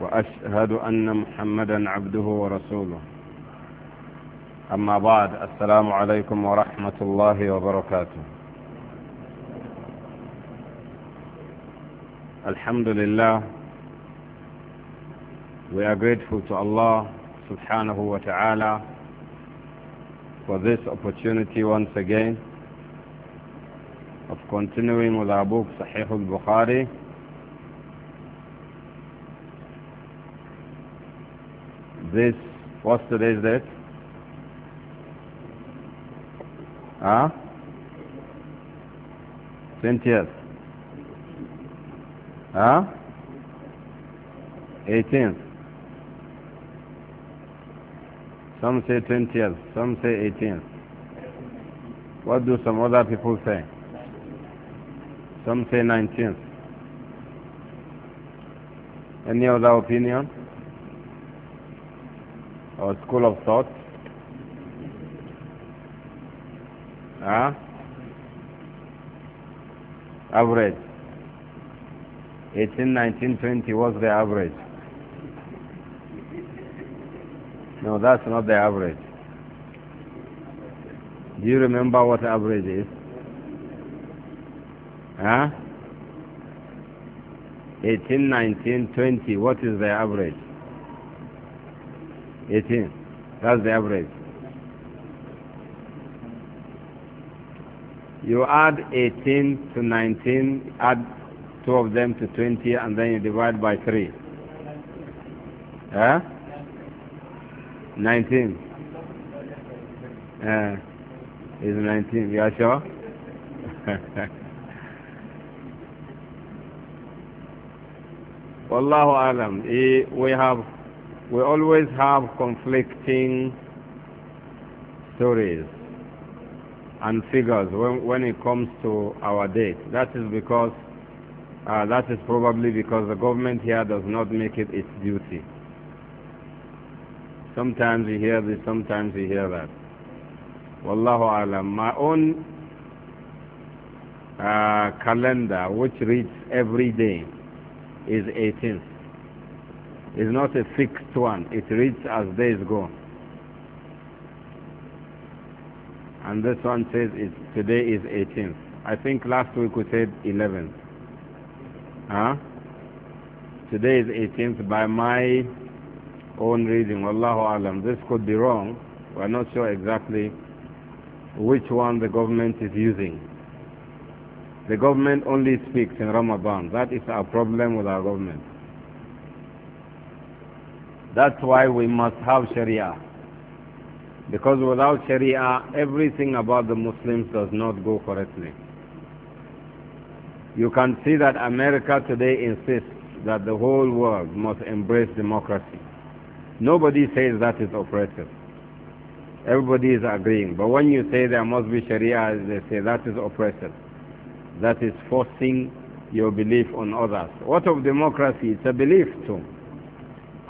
وأشهد أن محمدا عبده ورسوله أما بعد السلام عليكم ورحمة الله وبركاته الحمد لله We are grateful to Allah subhanahu wa ta'ala for this opportunity once again of continuing with our book Sahih al-Bukhari this, what's today's date? Huh? 20th. Huh? 18th. Some say 20th, some say 18th. What do some other people say? Some say 19th. Any other opinion? or school of thought? Huh? Average. 18, 19, 20 was the average. No, that's not the average. Do you remember what average is? Huh? 18, 19, 20. What is the average? 18. That's the average. You add 18 to 19, add two of them to 20, and then you divide by 3. Huh? 19. Uh, is 19. You are sure? Wallahu alam. We have we always have conflicting stories and figures when, when it comes to our date. That is because, uh, that is probably because the government here does not make it its duty. Sometimes you hear this, sometimes you hear that. Wallahu alam. My own uh, calendar, which reads every day, is 18th is not a fixed one. It reads as days go. And this one says it, today is 18th. I think last week we said 11th. Huh? Today is 18th by my own reading. Wallahu alam. This could be wrong. We're not sure exactly which one the government is using. The government only speaks in Ramadan. That is our problem with our government. That's why we must have Sharia. Because without Sharia, everything about the Muslims does not go correctly. You can see that America today insists that the whole world must embrace democracy. Nobody says that is oppressive. Everybody is agreeing. But when you say there must be Sharia, they say that is oppressive. That is forcing your belief on others. What of democracy? It's a belief too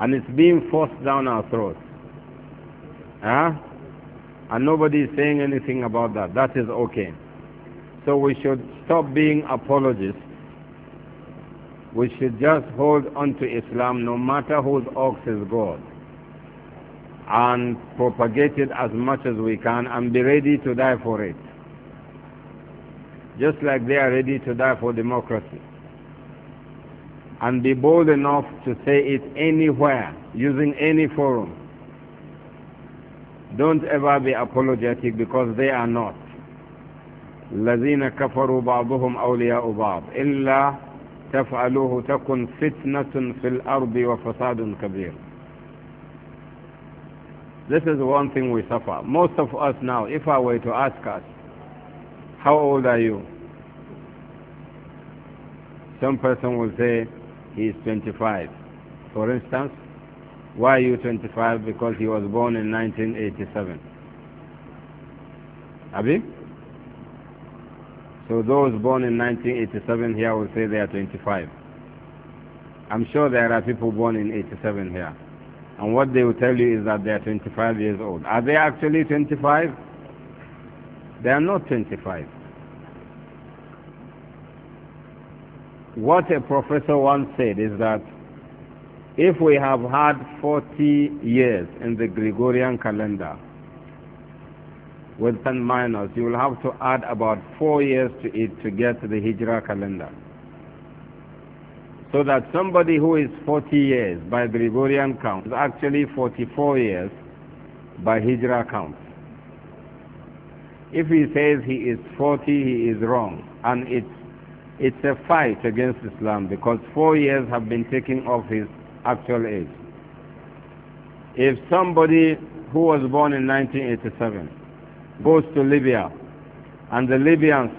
and it's being forced down our throats. Huh? And nobody is saying anything about that. That is okay. So we should stop being apologists. We should just hold on to Islam no matter whose ox is God and propagate it as much as we can and be ready to die for it. Just like they are ready to die for democracy and be bold enough to say it anywhere, using any forum. Don't ever be apologetic because they are not. الذين كفروا بعضهم أولياء بعض إلا تفعلوه تكن فتنة في الأرض وفساد كبير This is one thing we suffer. Most of us now, if I were to ask us, how old are you? Some person will say, he is 25. For instance, why you 25 Because he was born in 1987. Abi? So those born in 1987 here will say they are 25. I'm sure there are people born in 87 here. And what they will tell you is that they are 25 years old. Are they actually 25? They are not 25. What a professor once said is that if we have had 40 years in the Gregorian calendar, with 10 minus, you will have to add about 4 years to it to get the Hijra calendar. So that somebody who is 40 years by Gregorian count is actually 44 years by Hijra count. If he says he is 40, he is wrong, and it's it's a fight against Islam because four years have been taken off his actual age. If somebody who was born in 1987 goes to Libya and the Libyans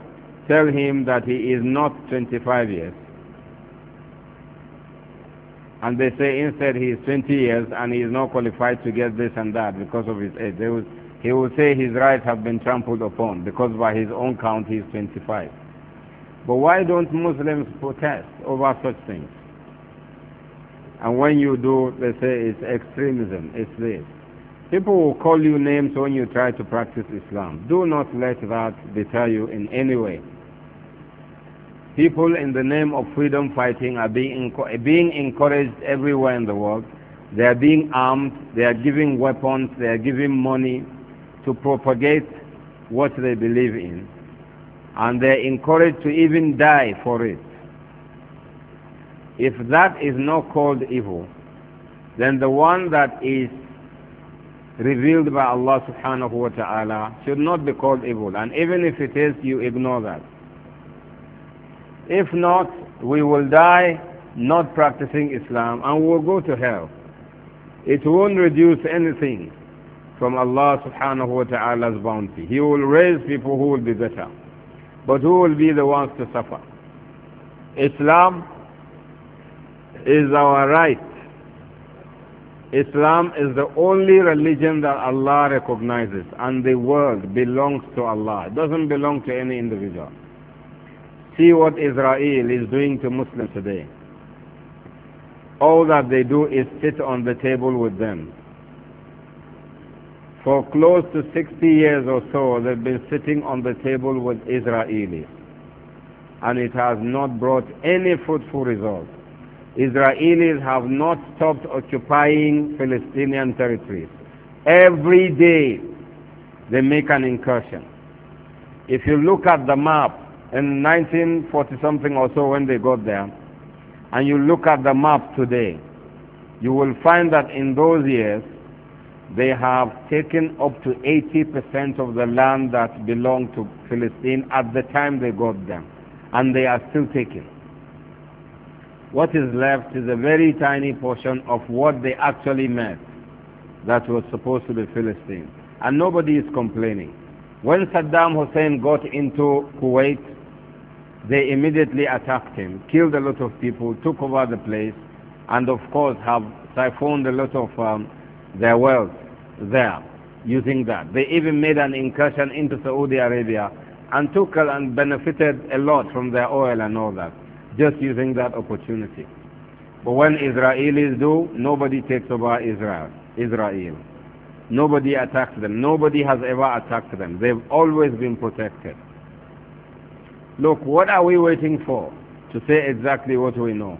tell him that he is not 25 years, and they say instead he is 20 years and he is not qualified to get this and that because of his age, will, he will say his rights have been trampled upon because by his own count he is 25. But why don't Muslims protest over such things? And when you do, they say it's extremism, it's this. People will call you names when you try to practice Islam. Do not let that deter you in any way. People in the name of freedom fighting are being, being encouraged everywhere in the world. They are being armed, they are giving weapons, they are giving money to propagate what they believe in and they're encouraged to even die for it. If that is not called evil, then the one that is revealed by Allah subhanahu wa ta'ala should not be called evil. And even if it is, you ignore that. If not, we will die not practicing Islam and we'll go to hell. It won't reduce anything from Allah subhanahu wa ta'ala's bounty. He will raise people who will be better. But who will be the ones to suffer? Islam is our right. Islam is the only religion that Allah recognizes and the world belongs to Allah. It doesn't belong to any individual. See what Israel is doing to Muslims today. All that they do is sit on the table with them for close to 60 years or so, they've been sitting on the table with Israelis. And it has not brought any fruitful result. Israelis have not stopped occupying Palestinian territories. Every day, they make an incursion. If you look at the map, in 1940 something or so when they got there, and you look at the map today, you will find that in those years, they have taken up to 80% of the land that belonged to Philistine at the time they got them, and they are still taking. What is left is a very tiny portion of what they actually meant that was supposed to be Philistine. And nobody is complaining. When Saddam Hussein got into Kuwait, they immediately attacked him, killed a lot of people, took over the place, and of course have siphoned a lot of um, their wealth there using that. They even made an incursion into Saudi Arabia and took and benefited a lot from their oil and all that, just using that opportunity. But when Israelis do, nobody takes over Israel. Israel. Nobody attacks them. Nobody has ever attacked them. They've always been protected. Look, what are we waiting for to say exactly what we know?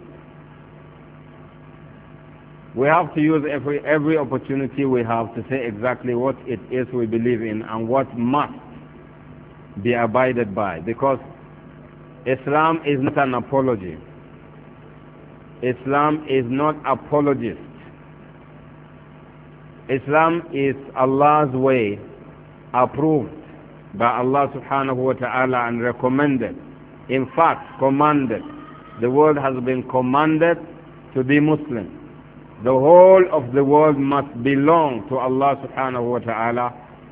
We have to use every, every opportunity we have to say exactly what it is we believe in and what must be abided by. Because Islam is not an apology. Islam is not apologist. Islam is Allah's way approved by Allah subhanahu wa ta'ala and recommended. In fact, commanded. The world has been commanded to be Muslim the whole of the world must belong to Allah subhanahu wa ta'ala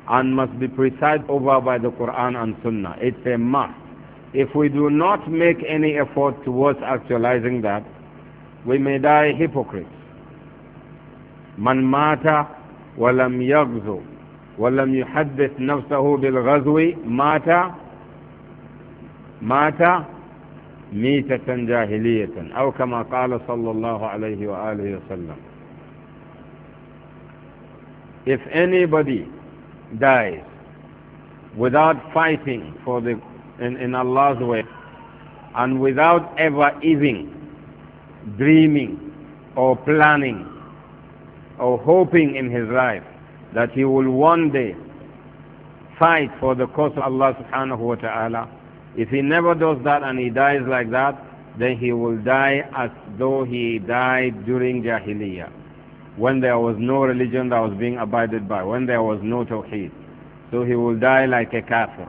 and must be presided over by the Quran and Sunnah. It's a must. If we do not make any effort towards actualizing that, we may die hypocrites. Man mata, walam يغزو walam يحدث نفسه بالغزو Mata, mata. ميتة جاهلية أو كما قال صلى الله عليه وآله وسلم If anybody dies without fighting for the, in, in Allah's way and without ever even dreaming or planning or hoping in his life that he will one day fight for the cause of Allah subhanahu wa ta'ala if he never does that and he dies like that, then he will die as though he died during Jahiliyyah, when there was no religion that was being abided by, when there was no Tawheed. So he will die like a kafir,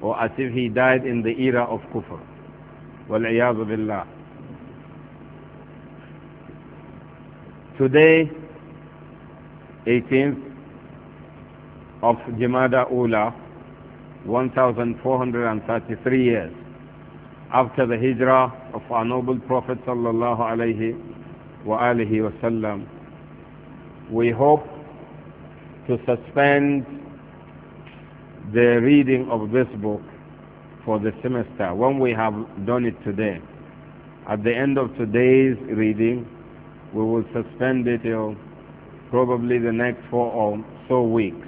or as if he died in the era of kufr. وَالْعِيَاذُ billah. Today, 18th of Jamada Ula, 1433 years after the hijrah of our noble Prophet sallallahu alaihi wasallam. We hope to suspend the reading of this book for the semester when we have done it today. At the end of today's reading, we will suspend it till probably the next four or so weeks.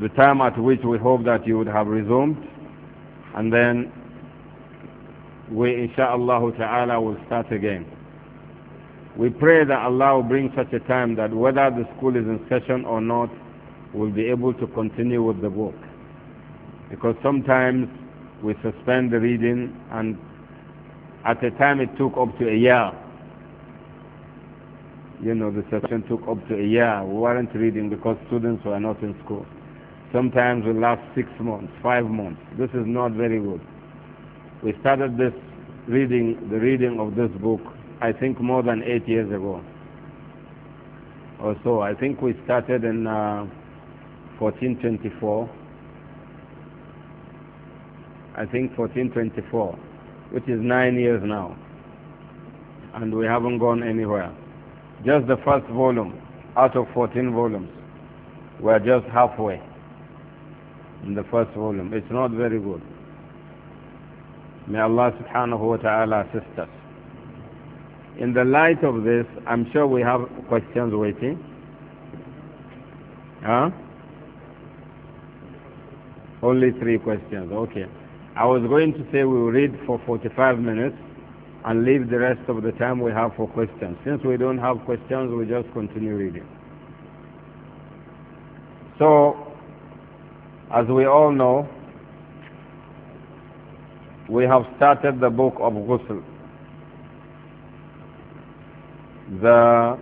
the time at which we hope that you would have resumed and then we insha'Allah ta'ala will start again. We pray that Allah will bring such a time that whether the school is in session or not, we'll be able to continue with the book. Because sometimes we suspend the reading and at the time it took up to a year. You know, the session took up to a year. We weren't reading because students were not in school sometimes will last six months, five months. This is not very good. We started this reading, the reading of this book, I think more than eight years ago or so. I think we started in uh, 1424. I think 1424, which is nine years now. And we haven't gone anywhere. Just the first volume out of 14 volumes. We're just halfway in the first volume. It's not very good. May Allah subhanahu wa ta'ala assist us. In the light of this, I'm sure we have questions waiting. Huh? Only three questions, okay. I was going to say we'll read for 45 minutes and leave the rest of the time we have for questions. Since we don't have questions, we just continue reading. So, as we all know, we have started the book of Ghusl. The,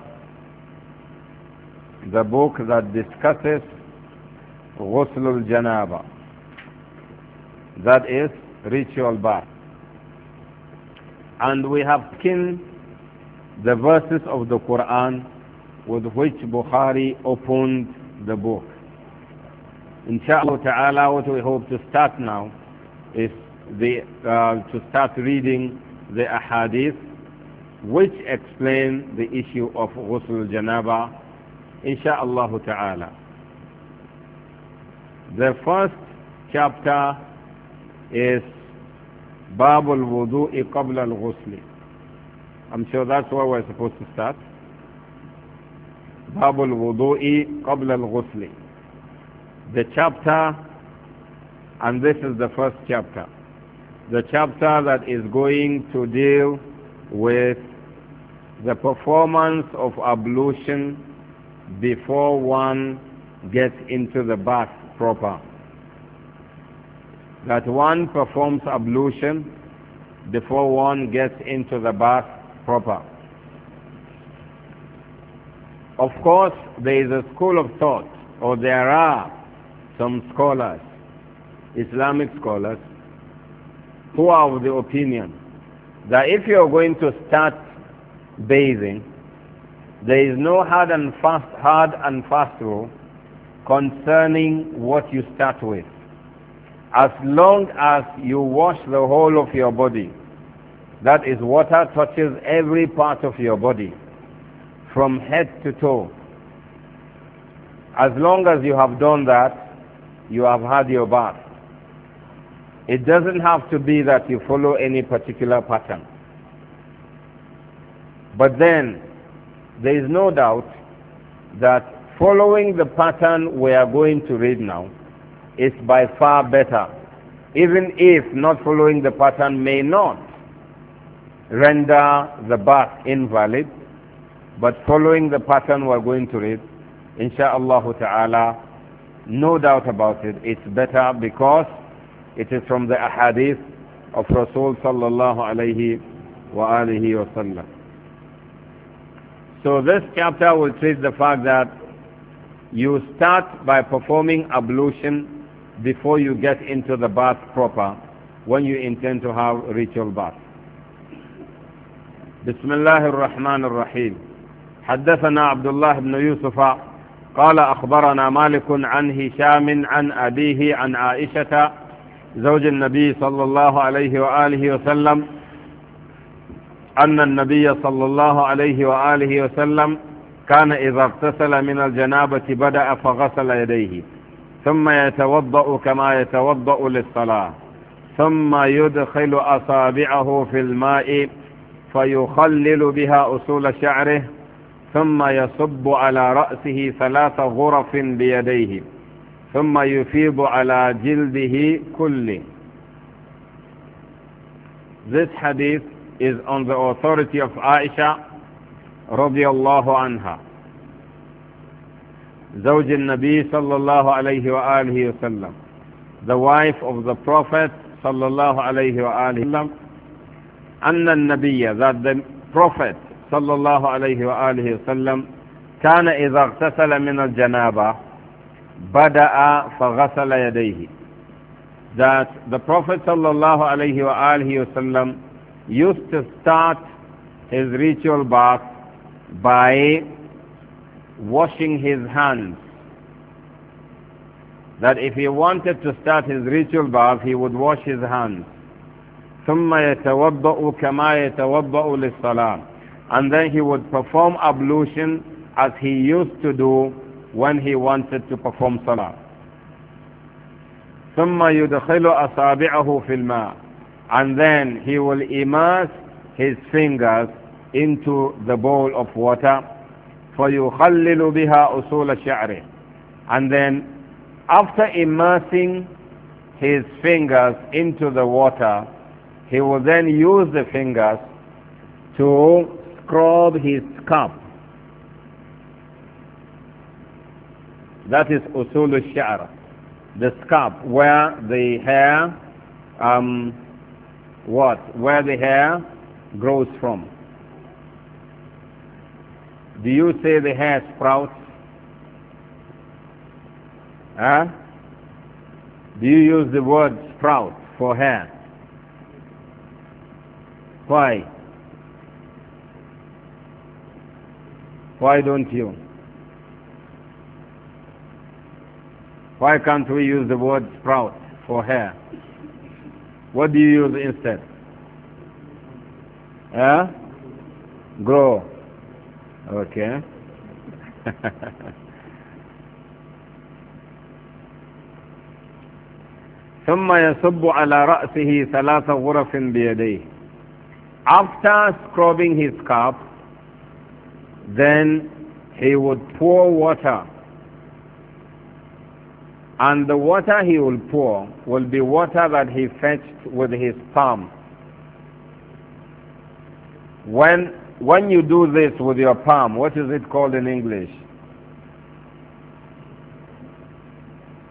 the book that discusses Ghusl al-Janaba. That is ritual bath. And we have skinned the verses of the Quran with which Bukhari opened the book. Inshallah ta'ala, what we hope to start now is the, uh, to start reading the ahadith which explain the issue of ghusl janaba inshallah ta'ala the first chapter is bab al-wudu'i qabla al-ghusl i'm sure that's where we're supposed to start bab al-wudu'i qabla al-ghusl the chapter, and this is the first chapter, the chapter that is going to deal with the performance of ablution before one gets into the bath proper. That one performs ablution before one gets into the bath proper. Of course, there is a school of thought, or there are some scholars, Islamic scholars, who are of the opinion that if you are going to start bathing, there is no hard and fast, hard and fast rule concerning what you start with. As long as you wash the whole of your body, that is water touches every part of your body, from head to toe. As long as you have done that, you have had your bath. It doesn't have to be that you follow any particular pattern. But then, there is no doubt that following the pattern we are going to read now is by far better, even if not following the pattern may not render the bath invalid, but following the pattern we are going to read, insha'Allah ta'ala, no doubt about it, it's better because it is from the ahadith of Rasul sallallahu alayhi wa alihi wa sallam. So this chapter will treat the fact that you start by performing ablution before you get into the bath proper when you intend to have ritual bath. بسم الله الرحمن الرحيم حدثنا عبد الله بن يوسف قال أخبرنا مالك عن هشام عن أبيه عن عائشة زوج النبي صلى الله عليه وآله وسلم أن النبي صلى الله عليه وآله وسلم كان إذا اغتسل من الجنابة بدأ فغسل يديه ثم يتوضأ كما يتوضأ للصلاة ثم يدخل أصابعه في الماء فيخلل بها أصول شعره ثم يصب على رأسه ثلاث غرف بيديه ثم يفيض على جلده كله This hadith is on the authority of Aisha رضي الله عنها زوج النبي صلى الله عليه وآله وسلم the wife of the Prophet صلى الله عليه وآله وسلم أن النبي that the Prophet صلى الله عليه وآله وسلم كان إذا اغتسل من الجنابة بدأ فغسل يديه that the Prophet صلى الله عليه وآله وسلم used to start his ritual bath by washing his hands. That if he wanted to start his ritual bath, he would wash his hands. ثم يتوضأ كما يتوضأ للصلاة and then he would perform ablution as he used to do when he wanted to perform salah. ثم يدخل أصابعه في الماء and then he will immerse his fingers into the bowl of water فيخلل بها أصول شعره and then after immersing his fingers into the water he will then use the fingers to scrub his scalp. That is usul al-shi'r, the scalp, where the hair, um, what, where the hair grows from. Do you say the hair sprouts? Huh? Do you use the word sprout for hair? Why? Why don't you? Why can't we use the word sprout for hair? What do you use instead? Yeah, Grow. Okay. ثم يصب على رأسه ثلاث غرف بيديه. After scrubbing his scalp, then he would pour water. And the water he will pour will be water that he fetched with his palm. When, when you do this with your palm, what is it called in English?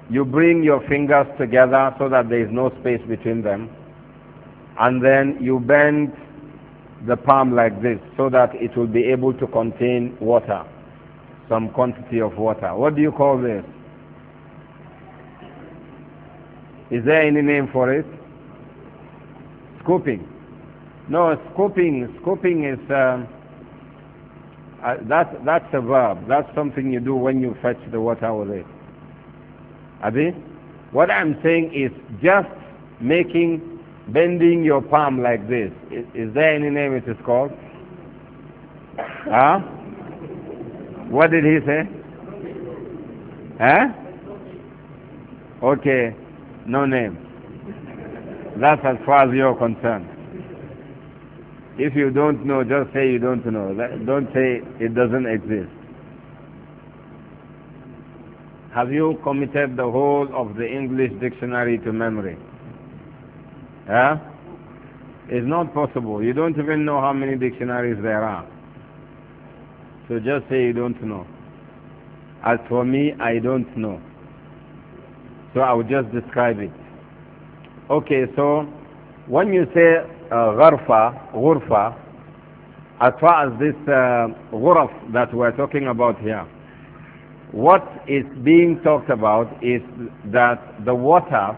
You bring your fingers together so that there is no space between them. And then you bend the palm like this so that it will be able to contain water, some quantity of water. What do you call this? Is there any name for it? Scooping. No, scooping. Scooping is um, uh, that. That's a verb. That's something you do when you fetch the water with it. Abi, what I'm saying is just making bending your palm like this. Is, is there any name it is called? Huh? What did he say? Huh? Okay, no name. That's as far as you're concerned. If you don't know, just say you don't know. Don't say it doesn't exist. Have you committed the whole of the English dictionary to memory? Yeah, It's not possible. You don't even know how many dictionaries there are. So just say you don't know. As for me, I don't know. So I will just describe it. Okay, so when you say uh, gharfa, as far as this uh, that we're talking about here, what is being talked about is that the water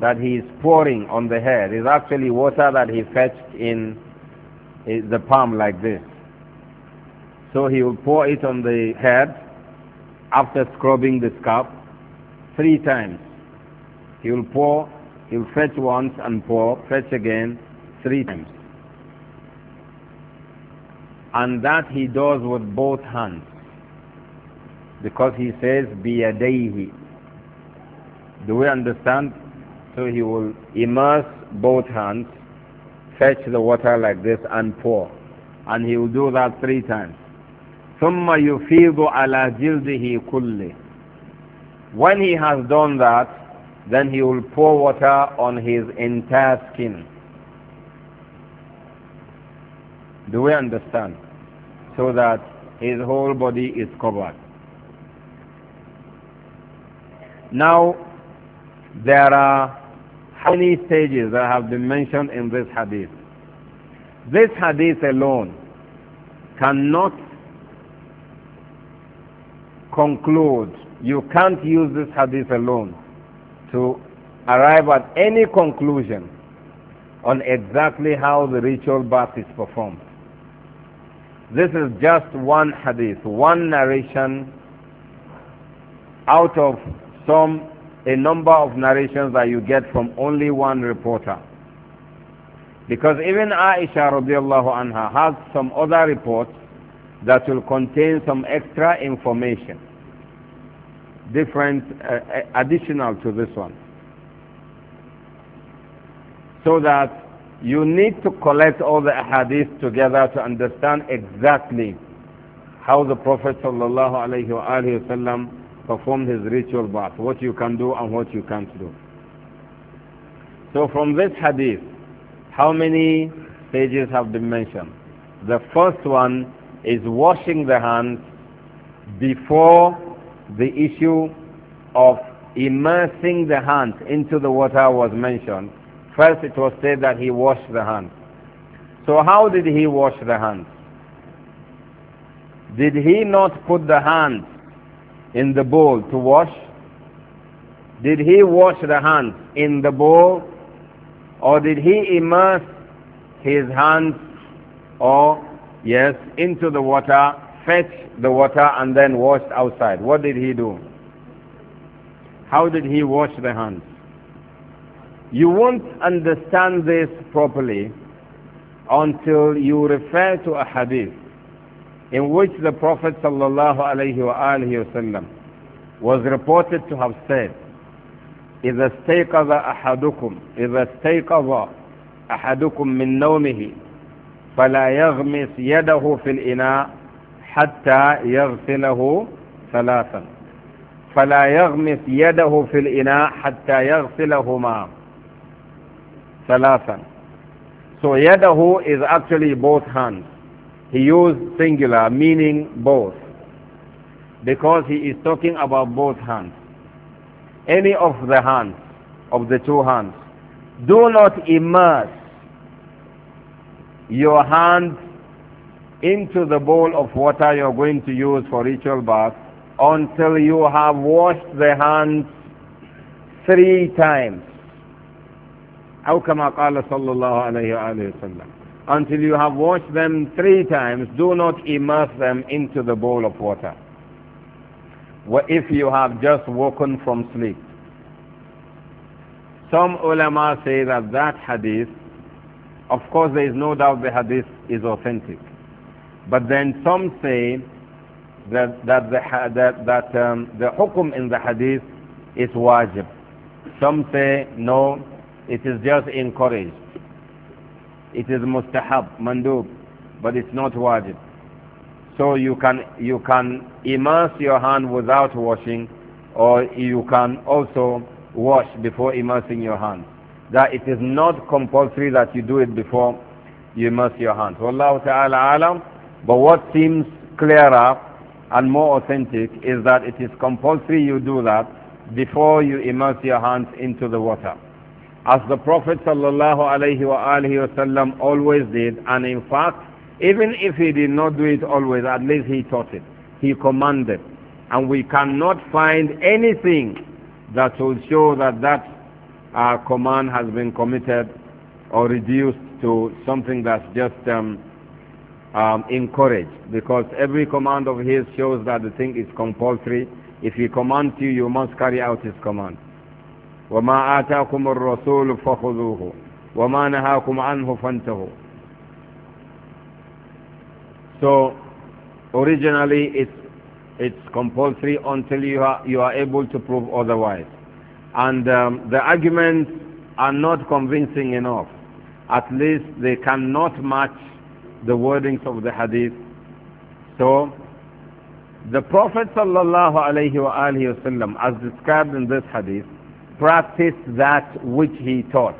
that he is pouring on the hair is actually water that he fetched in eh, the palm like this. So he will pour it on the head after scrubbing the scalp three times. He will pour, he will fetch once and pour, fetch again three times. And that he does with both hands. Because he says, Biyadayhi. Do we understand? So he will immerse both hands, fetch the water like this and pour. And he will do that three times. ثم يفيض على جلده كله When he has done that, then he will pour water on his entire skin. Do we understand? So that his whole body is covered. Now, there are many stages that have been mentioned in this hadith. This hadith alone cannot conclude, you can't use this hadith alone to arrive at any conclusion on exactly how the ritual bath is performed. This is just one hadith, one narration out of some a number of narrations that you get from only one reporter. Because even Aisha radiallahu anha has some other reports that will contain some extra information, different, uh, uh additional to this one. So that you need to collect all the hadith together to understand exactly how the Prophet sallallahu alayhi wa performed his ritual bath, what you can do and what you can't do. So from this hadith, how many stages have been mentioned? The first one is washing the hands before the issue of immersing the hands into the water was mentioned. First it was said that he washed the hands. So how did he wash the hands? Did he not put the hands in the bowl to wash? Did he wash the hands in the bowl? Or did he immerse his hands or, yes, into the water, fetch the water and then washed outside? What did he do? How did he wash the hands? You won't understand this properly until you refer to a hadith in which the Prophet sallallahu was reported to have said, إذا استيقظ أحدكم إذا استيقظ أحدكم من نومه فلا يغمس يده في الإناء حتى يغسله ثلاثا فلا يغمس يده في الإناء حتى يغسلهما ثلاثا So yadahu is actually both hands. He used singular, meaning both, because he is talking about both hands. Any of the hands, of the two hands. Do not immerse your hand into the bowl of water you're going to use for ritual bath until you have washed the hands three times. أو كما قال sallallahu الله عليه until you have washed them three times, do not immerse them into the bowl of water. If you have just woken from sleep. Some ulama say that that hadith, of course there is no doubt the hadith is authentic. But then some say that, that, the, that, that um, the hukum in the hadith is wajib. Some say no, it is just encouraged it is mustahab, mandub, but it's not wajib. So you can, you can immerse your hand without washing or you can also wash before immersing your hand. That it is not compulsory that you do it before you immerse your hand. Wallahu ta'ala alam. But what seems clearer and more authentic is that it is compulsory you do that before you immerse your hands into the water as the Prophet ﷺ always did, and in fact, even if he did not do it always, at least he taught it. He commanded. And we cannot find anything that will show that that uh, command has been committed or reduced to something that's just um, um, encouraged. Because every command of his shows that the thing is compulsory. If he commands you, you must carry out his command. وما آتاكم الرسول فخذوه وما نهاكم عنه فانتهوا So originally it's, it's compulsory until you are, you are able to prove otherwise. And um, the arguments are not convincing enough. At least they cannot match the wordings of the hadith. So the Prophet sallallahu alayhi wa as described in this hadith practice that which he taught,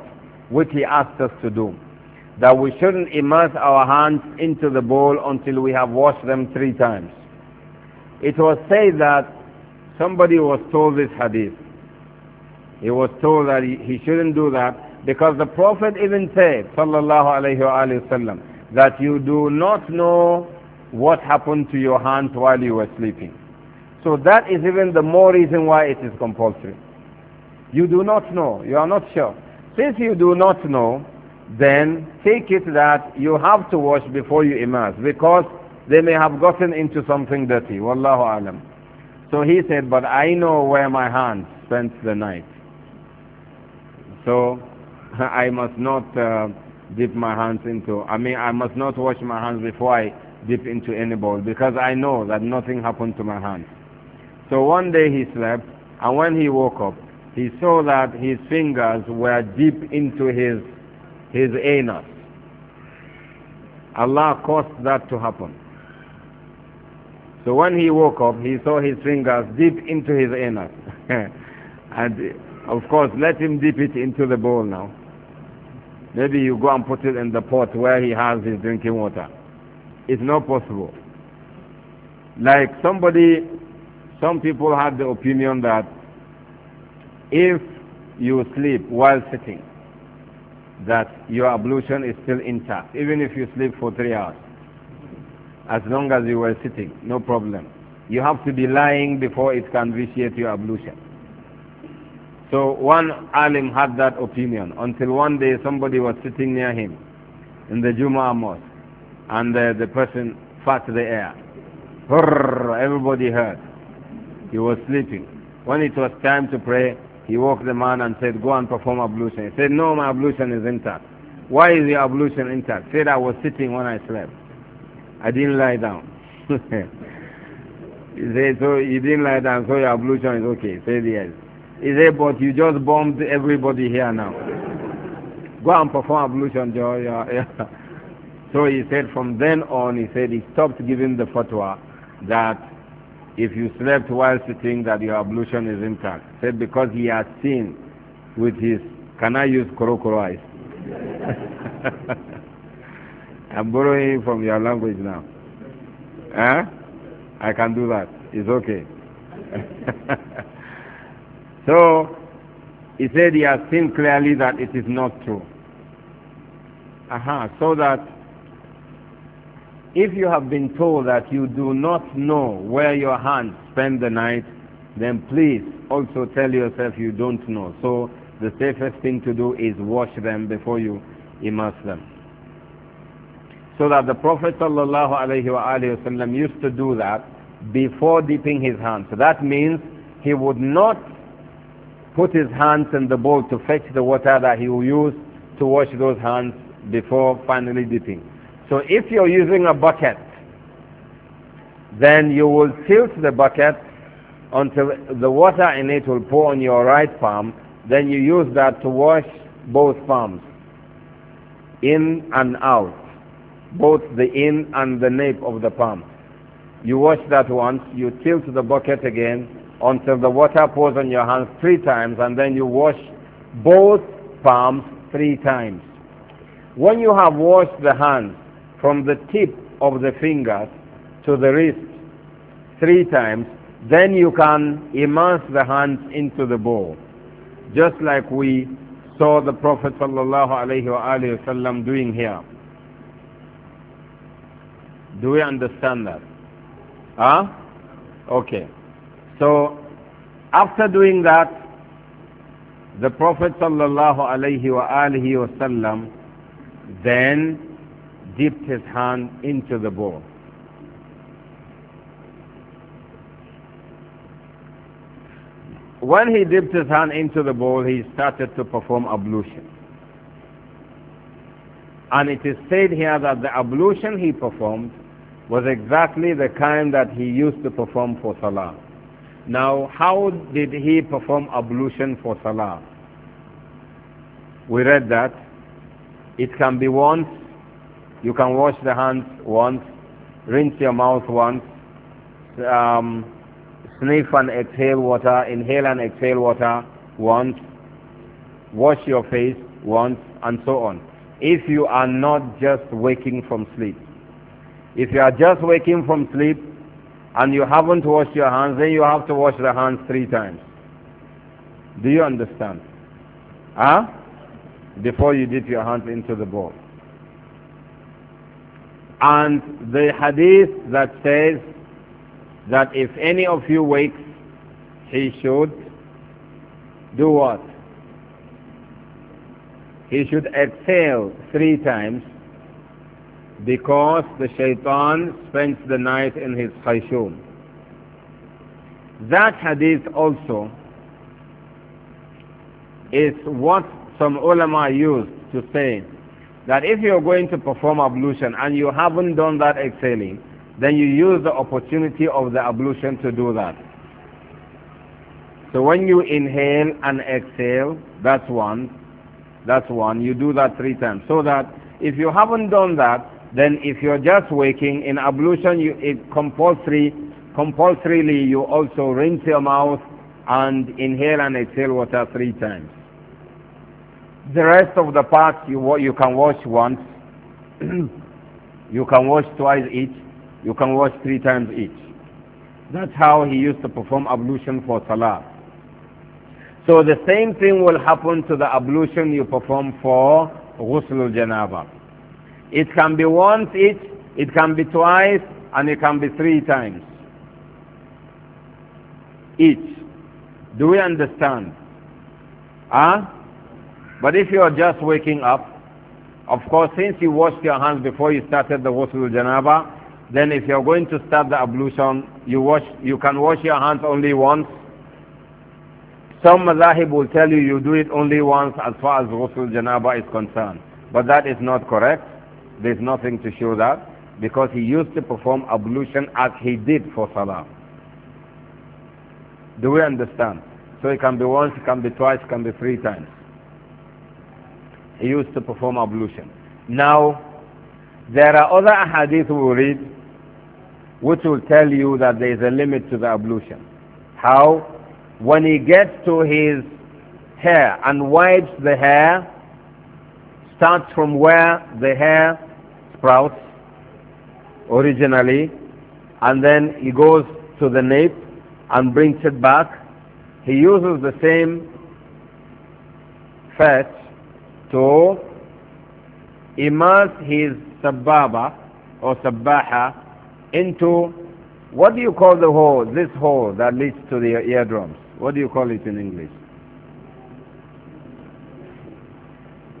which he asked us to do. That we shouldn't immerse our hands into the bowl until we have washed them three times. It was said that somebody was told this hadith. He was told that he, he shouldn't do that because the Prophet even said, sallallahu alayhi wa sallam, that you do not know what happened to your hands while you were sleeping. So that is even the more reason why it is compulsory. You do not know. You are not sure. Since you do not know, then take it that you have to wash before you immerse because they may have gotten into something dirty. Wallahu alam. So he said, but I know where my hand spent the night. So I must not uh, dip my hands into, I mean, I must not wash my hands before I dip into any bowl because I know that nothing happened to my hands. So one day he slept and when he woke up, he saw that his fingers were deep into his, his anus. Allah caused that to happen. So when he woke up, he saw his fingers deep into his anus. and of course, let him dip it into the bowl now. Maybe you go and put it in the pot where he has his drinking water. It's not possible. Like somebody, some people had the opinion that if you sleep while sitting, that your ablution is still intact, even if you sleep for three hours. As long as you were sitting, no problem. You have to be lying before it can vitiate your ablution. So one alim had that opinion until one day somebody was sitting near him in the Jum'ah mosque and the, the person farted the air. everybody heard. He was sleeping. When it was time to pray, he woke the man and said, go and perform ablution. He said, no, my ablution is intact. Why is your ablution intact? He said, I was sitting when I slept. I didn't lie down. he said, so you didn't lie down, so your ablution is okay. He said, yes. He said, but you just bombed everybody here now. Go and perform ablution, Joe. Yeah, yeah. So he said, from then on, he said, he stopped giving the fatwa that if you slept while sitting that your ablution is intact. Said because he has seen with his, can I use korokoro eyes? I'm borrowing from your language now. Huh? I can do that. It's okay. so, he said he has seen clearly that it is not true. Aha, uh -huh. so that if you have been told that you do not know where your hands spend the night, then please also tell yourself you don't know. So the safest thing to do is wash them before you immerse them. So that the Prophet ﷺ used to do that before dipping his hands. So that means he would not put his hands in the bowl to fetch the water that he will use to wash those hands before finally dipping. So if you're using a bucket, then you will tilt the bucket until the water in it will pour on your right palm. Then you use that to wash both palms, in and out, both the in and the nape of the palm. You wash that once, you tilt the bucket again until the water pours on your hands three times, and then you wash both palms three times. When you have washed the hands, from the tip of the fingers to the wrist three times, then you can immerse the hands into the bowl. Just like we saw the Prophet ﷺ doing here. Do we understand that? Huh? Okay. So, after doing that, the Prophet ﷺ then dipped his hand into the bowl. When he dipped his hand into the bowl, he started to perform ablution. And it is said here that the ablution he performed was exactly the kind that he used to perform for Salah. Now, how did he perform ablution for Salah? We read that it can be once, you can wash the hands once, rinse your mouth once, um, sniff and exhale water, inhale and exhale water once, wash your face once, and so on. If you are not just waking from sleep. If you are just waking from sleep and you haven't washed your hands, then you have to wash the hands three times. Do you understand? Ah? Huh? Before you dip your hands into the bowl. And the hadith that says that if any of you wakes, he should do what? He should exhale three times because the shaitan spends the night in his khayshum. That hadith also is what some ulama used to say that if you're going to perform ablution and you haven't done that exhaling, then you use the opportunity of the ablution to do that. So when you inhale and exhale, that's one. That's one. You do that three times. So that if you haven't done that, then if you're just waking, in ablution, you, it compulsory, compulsorily you also rinse your mouth and inhale and exhale water three times. The rest of the parts you, you can wash once, you can wash twice each, you can wash three times each. That's how he used to perform ablution for salah. So the same thing will happen to the ablution you perform for ghusl janaba. It can be once each, it can be twice, and it can be three times each. Do we understand? Ah? Huh? But if you are just waking up, of course, since you washed your hands before you started the ghusl janaba, then if you're going to start the ablution, you, wash, you can wash your hands only once. Some mazahib will tell you you do it only once as far as ghusl janaba is concerned. But that is not correct. There's nothing to show that because he used to perform ablution as he did for salah. Do we understand? So it can be once, it can be twice, it can be three times used to perform ablution. Now, there are other ahadith we will read which will tell you that there is a limit to the ablution. How? When he gets to his hair and wipes the hair, starts from where the hair sprouts originally, and then he goes to the nape and brings it back. He uses the same fetch to immerse his sababa or sabaha into what do you call the hole, this hole that leads to the eardrums? What do you call it in English?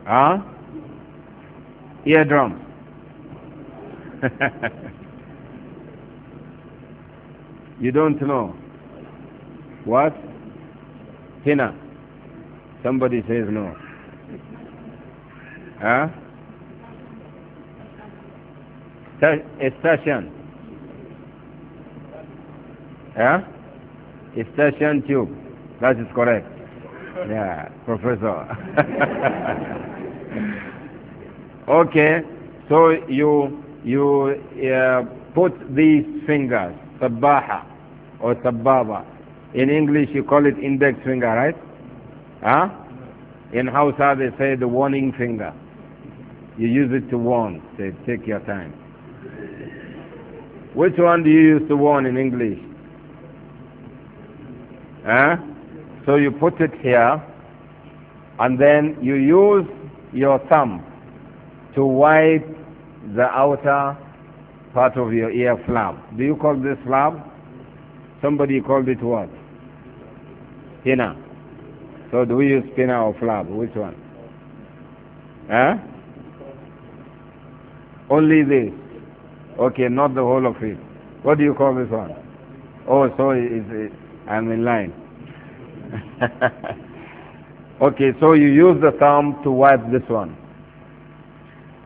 Huh? Eardrum. you don't know. What? Tina. Somebody says no huh? station huh? station tube that is correct yeah professor okay so you you uh, put these fingers sabaha or sababa in english you call it index finger right huh in hausa they say the warning finger you use it to warn, say, take your time. Which one do you use to warn in English? Eh? So you put it here, and then you use your thumb to wipe the outer part of your ear flap. Do you call this flap? Somebody called it what? Pinna. So do we use pinna or flap? Which one? Eh? Only this. Okay, not the whole of it. What do you call this one? Oh, so it's, I'm in line. okay, so you use the thumb to wipe this one.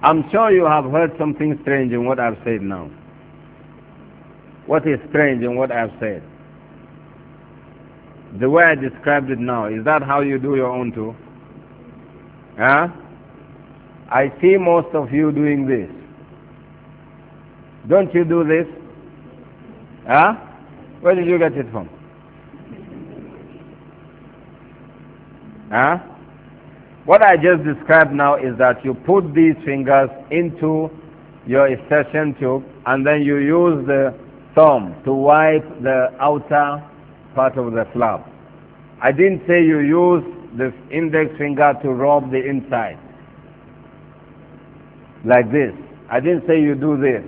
I'm sure you have heard something strange in what I've said now. What is strange in what I've said? The way I described it now, is that how you do your own too? Huh? I see most of you doing this. Don't you do this? Huh? Where did you get it from? Huh? What I just described now is that you put these fingers into your insertion tube and then you use the thumb to wipe the outer part of the flap. I didn't say you use this index finger to rub the inside like this. I didn't say you do this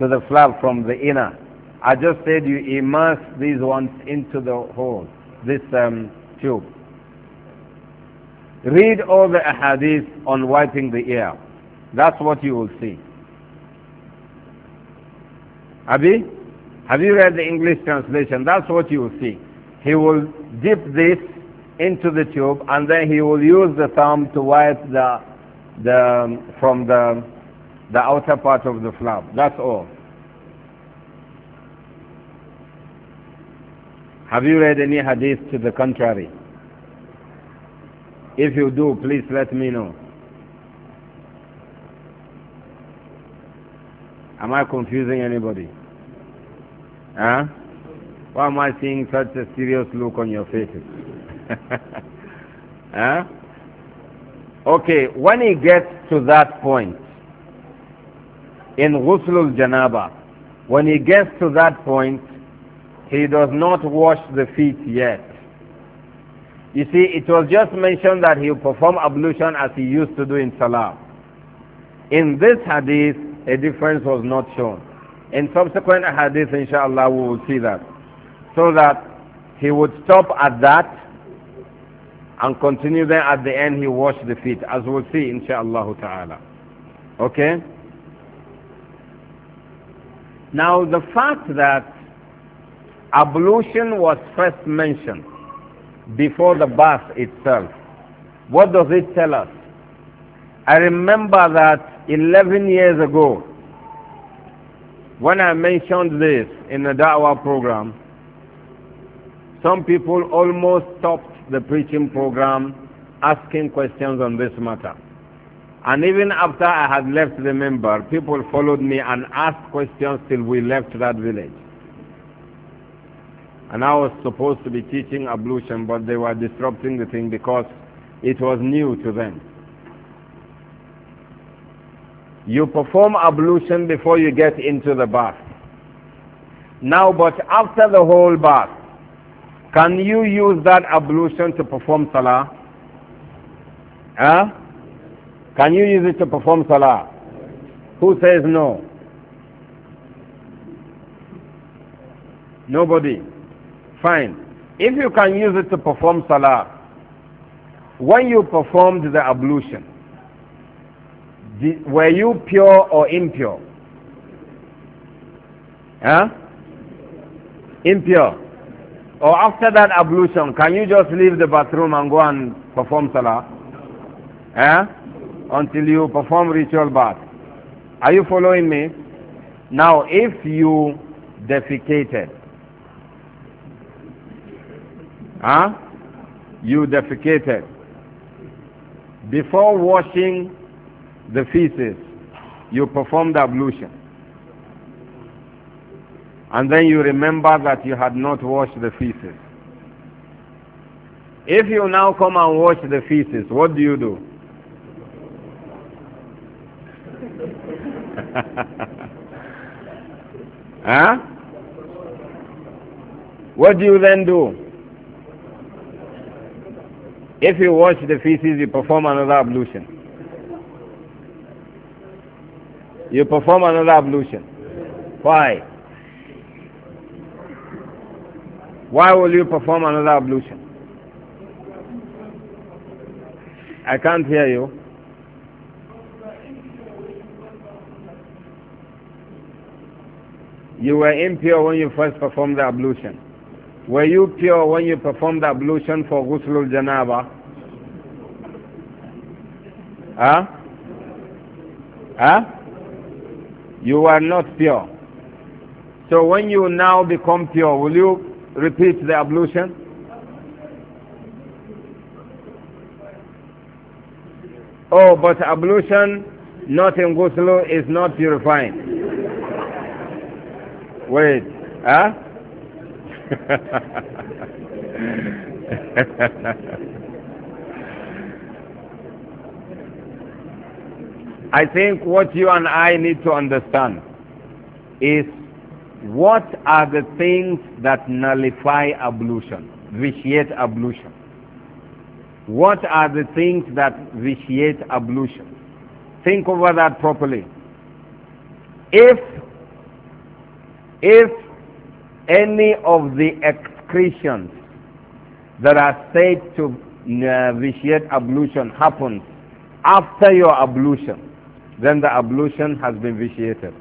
to the flap from the inner. I just said you immerse these ones into the hole, this um, tube. Read all the ahadith on wiping the ear. That's what you will see. Abi, have you read the English translation? That's what you will see. He will dip this into the tube and then he will use the thumb to wipe the, the, um, from the the outer part of the flower. That's all. Have you read any hadith to the contrary? If you do, please let me know. Am I confusing anybody? Huh? Why am I seeing such a serious look on your faces? huh? Okay, when he gets to that point, in Ghuslul Janaba. When he gets to that point, he does not wash the feet yet. You see, it was just mentioned that he'll perform ablution as he used to do in Salah. In this hadith, a difference was not shown. In subsequent hadith, inshallah, we will see that. So that he would stop at that and continue then at the end he washed the feet, as we'll see, inshallah ta'ala. Okay? Now the fact that ablution was first mentioned before the bath itself, what does it tell us? I remember that 11 years ago, when I mentioned this in the Dawah program, some people almost stopped the preaching program asking questions on this matter. And even after I had left the member, people followed me and asked questions till we left that village. And I was supposed to be teaching ablution, but they were disrupting the thing because it was new to them. You perform ablution before you get into the bath. Now, but after the whole bath, can you use that ablution to perform salah? Huh? Can you use it to perform salah? Who says no? Nobody. Fine. If you can use it to perform salah, when you performed the ablution, were you pure or impure? Huh? Impure. Or after that ablution, can you just leave the bathroom and go and perform salah? Huh? until you perform ritual bath. Are you following me? Now, if you defecated, huh? You defecated. Before washing the feces, you perform the ablution. And then you remember that you had not washed the feces. If you now come and wash the feces, what do you do? huh? What do you then do? If you wash the feces, you perform another ablution. You perform another ablution. Why? Why will you perform another ablution? I can't hear you. You were impure when you first performed the ablution. Were you pure when you performed the ablution for Ghuslul Janaba? Huh? Huh? You are not pure. So when you now become pure, will you repeat the ablution? Oh, but ablution not in ghusl is not purifying. Wait. Huh? I think what you and I need to understand is what are the things that nullify ablution, vitiate ablution? What are the things that vitiate ablution? Think over that properly. If if any of the excretions that are said to uh, vitiate ablution happens after your ablution, then the ablution has been vitiated.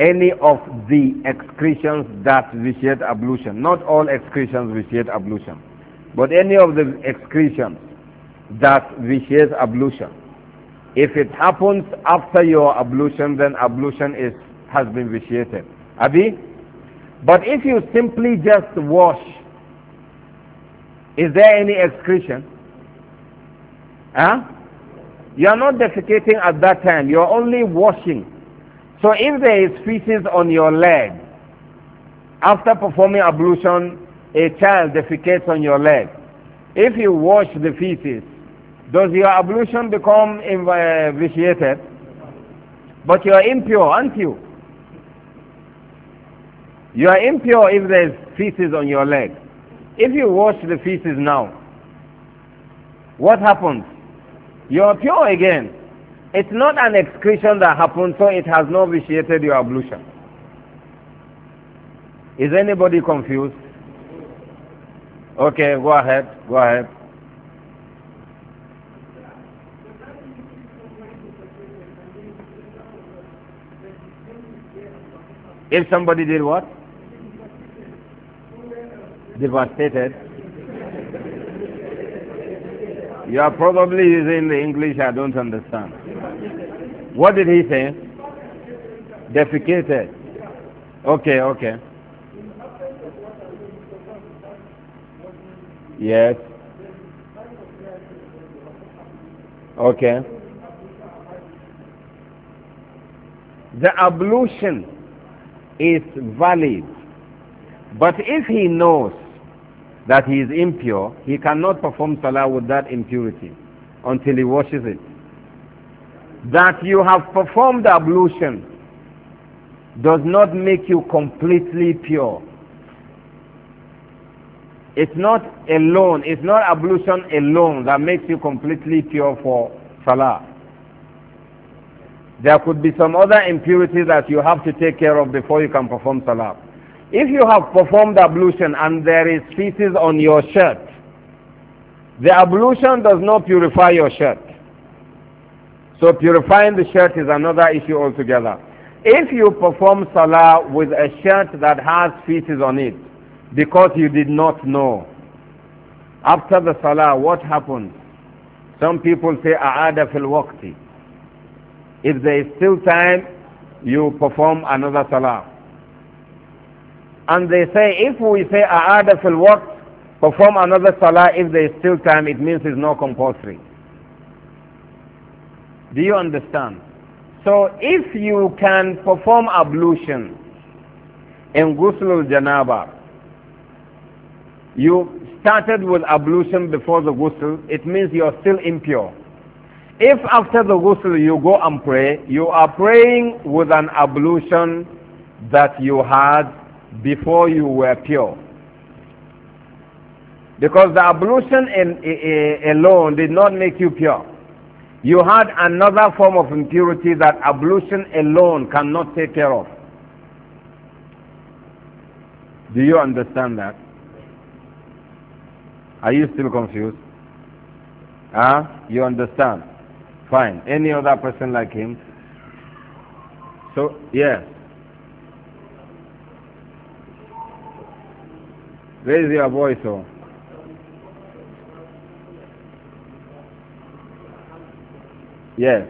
Any of the excretions that vitiate ablution, not all excretions vitiate ablution, but any of the excretions that vitiate ablution, if it happens after your ablution, then ablution is has been vitiated. Abi? But if you simply just wash, is there any excretion? Huh? You are not defecating at that time. You are only washing. So if there is feces on your leg, after performing ablution, a child defecates on your leg. If you wash the feces, does your ablution become uh, vitiated? But you are impure, aren't you? You are impure if there is feces on your leg. If you wash the feces now, what happens? You are pure again. It's not an excretion that happened, so it has not vitiated your ablution. Is anybody confused? Okay, go ahead, go ahead. If somebody did what? devastated. You are probably using the English I don't understand. What did he say? Defecated. Okay, okay. Yes. Okay. The ablution is valid. But if he knows that he is impure, he cannot perform salah with that impurity until he washes it. That you have performed ablution does not make you completely pure. It's not alone, it's not ablution alone that makes you completely pure for salah. There could be some other impurities that you have to take care of before you can perform salah. If you have performed ablution and there is feces on your shirt, the ablution does not purify your shirt. So purifying the shirt is another issue altogether. If you perform salah with a shirt that has feces on it because you did not know, after the salah, what happens? Some people say, A'ada fil waqti. If there is still time, you perform another salah. And they say, if we say a'ada fil waqt, perform another salah if there is still time, it means it's not compulsory. Do you understand? So if you can perform ablution in Ghusl janaba you started with ablution before the ghusl, it means you're still impure. If after the ghusl you go and pray, you are praying with an ablution that you had before you were pure. Because the ablution in, in, in, alone did not make you pure. You had another form of impurity that ablution alone cannot take care of. Do you understand that? Are you still confused? Ah, huh? You understand? Fine. Any other person like him? So, yes. Raise your voice, oh. Yes.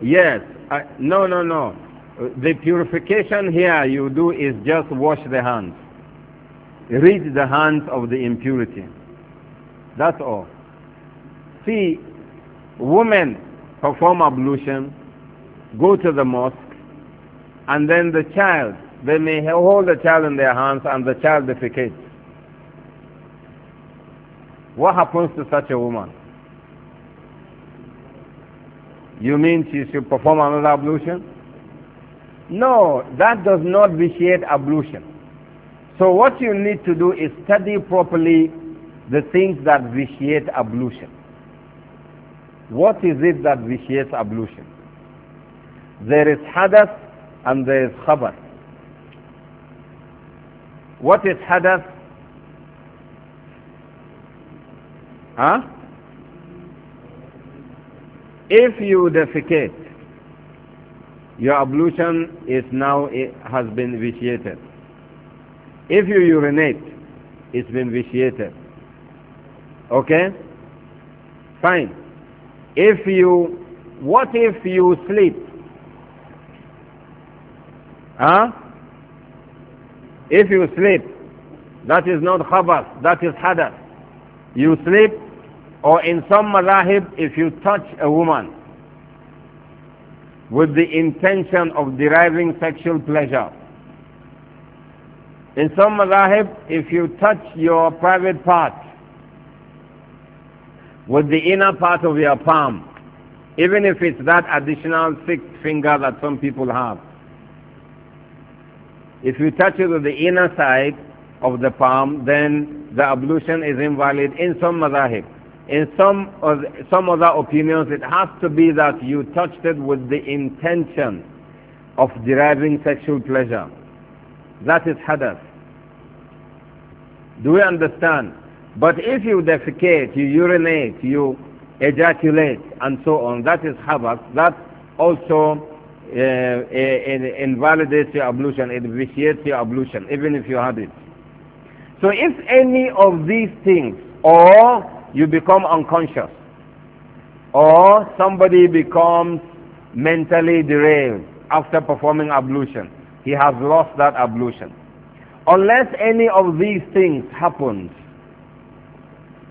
Yes. I, no, no, no. The purification here you do is just wash the hands. Rid the hands of the impurity. That's all. See, women perform ablution go to the mosque, and then the child, they may hold the child in their hands and the child defecates. What happens to such a woman? You mean she should perform another ablution? No, that does not vitiate ablution. So what you need to do is study properly the things that vitiate ablution. What is it that vitiates ablution? There is hadath and there is khabar. What is hadath? Huh? If you defecate, your ablution is now has been vitiated. If you urinate, it's been vitiated. Okay? Fine. If you, what if you sleep Huh? If you sleep, that is not khabath, that is hadath. You sleep, or in some madahib, if you touch a woman with the intention of deriving sexual pleasure. In some madahib, if you touch your private part with the inner part of your palm, even if it's that additional sixth finger that some people have, if you touch it with the inner side of the palm, then the ablution is invalid in some madhahib. In some, of, some other opinions, it has to be that you touched it with the intention of deriving sexual pleasure. That is hadath. Do we understand? But if you defecate, you urinate, you ejaculate, and so on, that is habak. That also uh, invalidates uh, your ablution, it vitiates your ablution, even if you had it. So if any of these things, or you become unconscious, or somebody becomes mentally derailed after performing ablution, he has lost that ablution. Unless any of these things happens,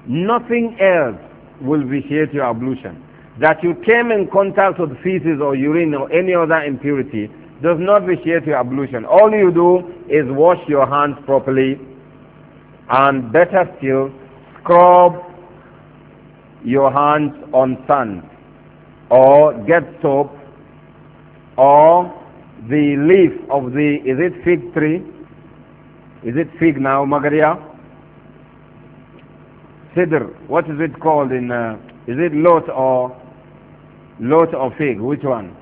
nothing else will vitiate your ablution that you came in contact with feces or urine or any other impurity does not vitiate your ablution. All you do is wash your hands properly and better still, scrub your hands on sand or get soap or the leaf of the, is it fig tree? Is it fig now, Magaria? cedar. what is it called in, uh, is it lot or Lot or fig? Which one?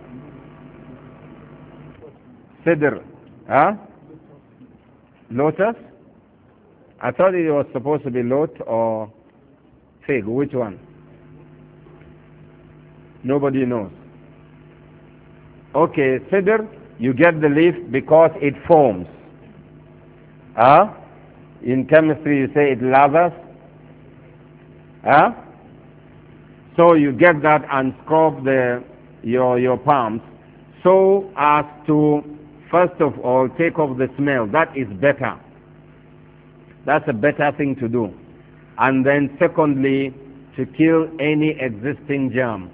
Cedar, Huh? Lotus? I thought it was supposed to be lot or fig. Which one? Nobody knows. Okay, cedar, you get the leaf because it forms. Huh? In chemistry you say it lathers. Huh? So you get that and scrub the, your, your palms so as to, first of all, take off the smell. That is better. That's a better thing to do. And then secondly, to kill any existing germ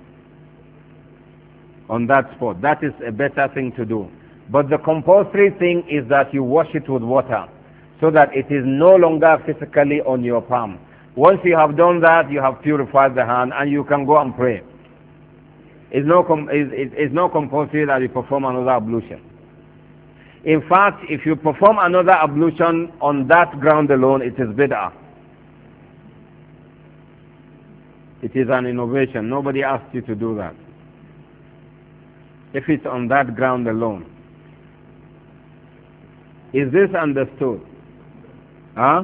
on that spot. That is a better thing to do. But the compulsory thing is that you wash it with water so that it is no longer physically on your palm. Once you have done that, you have purified the hand and you can go and pray. It's not, it's, it's not compulsory that you perform another ablution. In fact, if you perform another ablution on that ground alone, it is bid'ah. It is an innovation. Nobody asked you to do that. If it's on that ground alone. Is this understood? Huh?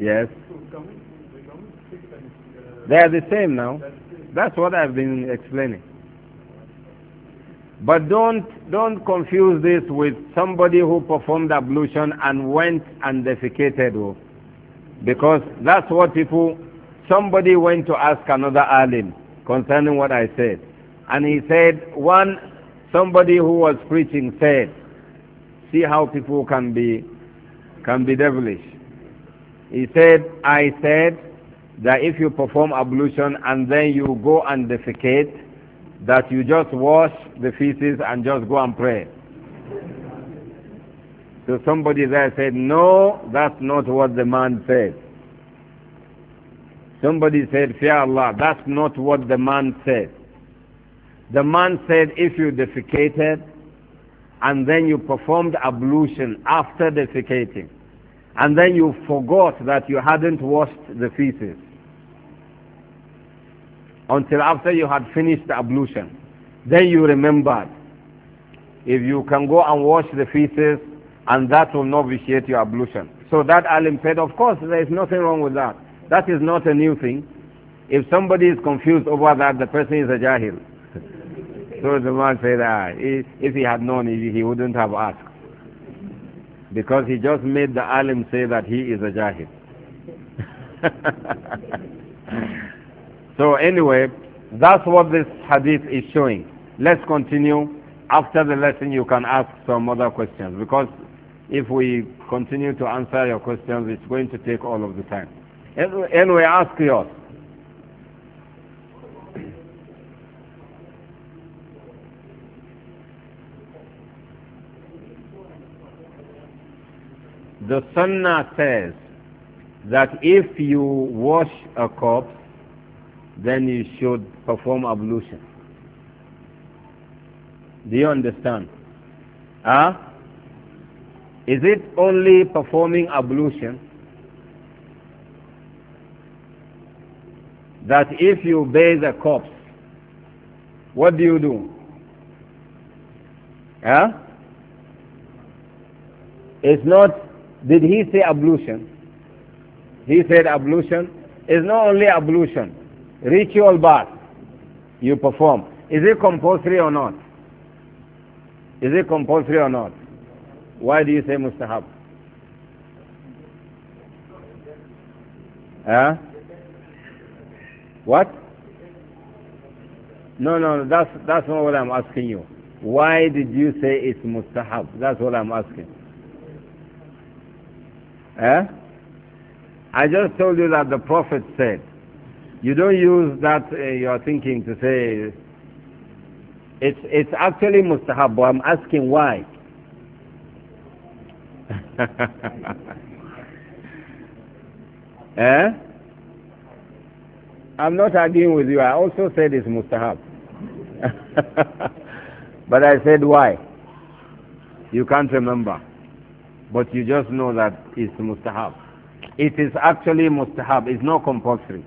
Yes. They are the same now. That's what I've been explaining. But don't don't confuse this with somebody who performed ablution and went and defecated, because that's what people. Somebody went to ask another alim concerning what I said, and he said one somebody who was preaching said, "See how people can be can be devilish." He said, I said that if you perform ablution and then you go and defecate, that you just wash the feces and just go and pray. So somebody there said, No, that's not what the man said. Somebody said, Fear Allah, that's not what the man said. The man said, If you defecated and then you performed ablution after defecating, and then you forgot that you hadn't washed the feces until after you had finished the ablution. Then you remembered. If you can go and wash the feces, and that will not vitiate your ablution. So that alim said, of course, there is nothing wrong with that. That is not a new thing. If somebody is confused over that, the person is a jahil. so the man said, ah, if he had known, he wouldn't have asked because he just made the alim say that he is a jahil. so anyway, that's what this hadith is showing. Let's continue. After the lesson, you can ask some other questions because if we continue to answer your questions, it's going to take all of the time. Anyway, ask yours. The sunnah says that if you wash a corpse, then you should perform ablution. Do you understand? Huh? Is it only performing ablution? That if you bathe a corpse, what do you do? Huh? It's not did he say ablution? He said ablution is not only ablution, ritual bath you perform. Is it compulsory or not? Is it compulsory or not? Why do you say mustahab? Huh? What? No, no, that's, that's not what I'm asking you. Why did you say it's mustahab? That's what I'm asking. Eh? I just told you that the Prophet said. You don't use that uh, you're thinking to say, it's, it's actually mustahab, but I'm asking why. eh? I'm not arguing with you. I also said it's mustahab. but I said why. You can't remember. But you just know that it's mustahab. It is actually mustahab. It's not compulsory.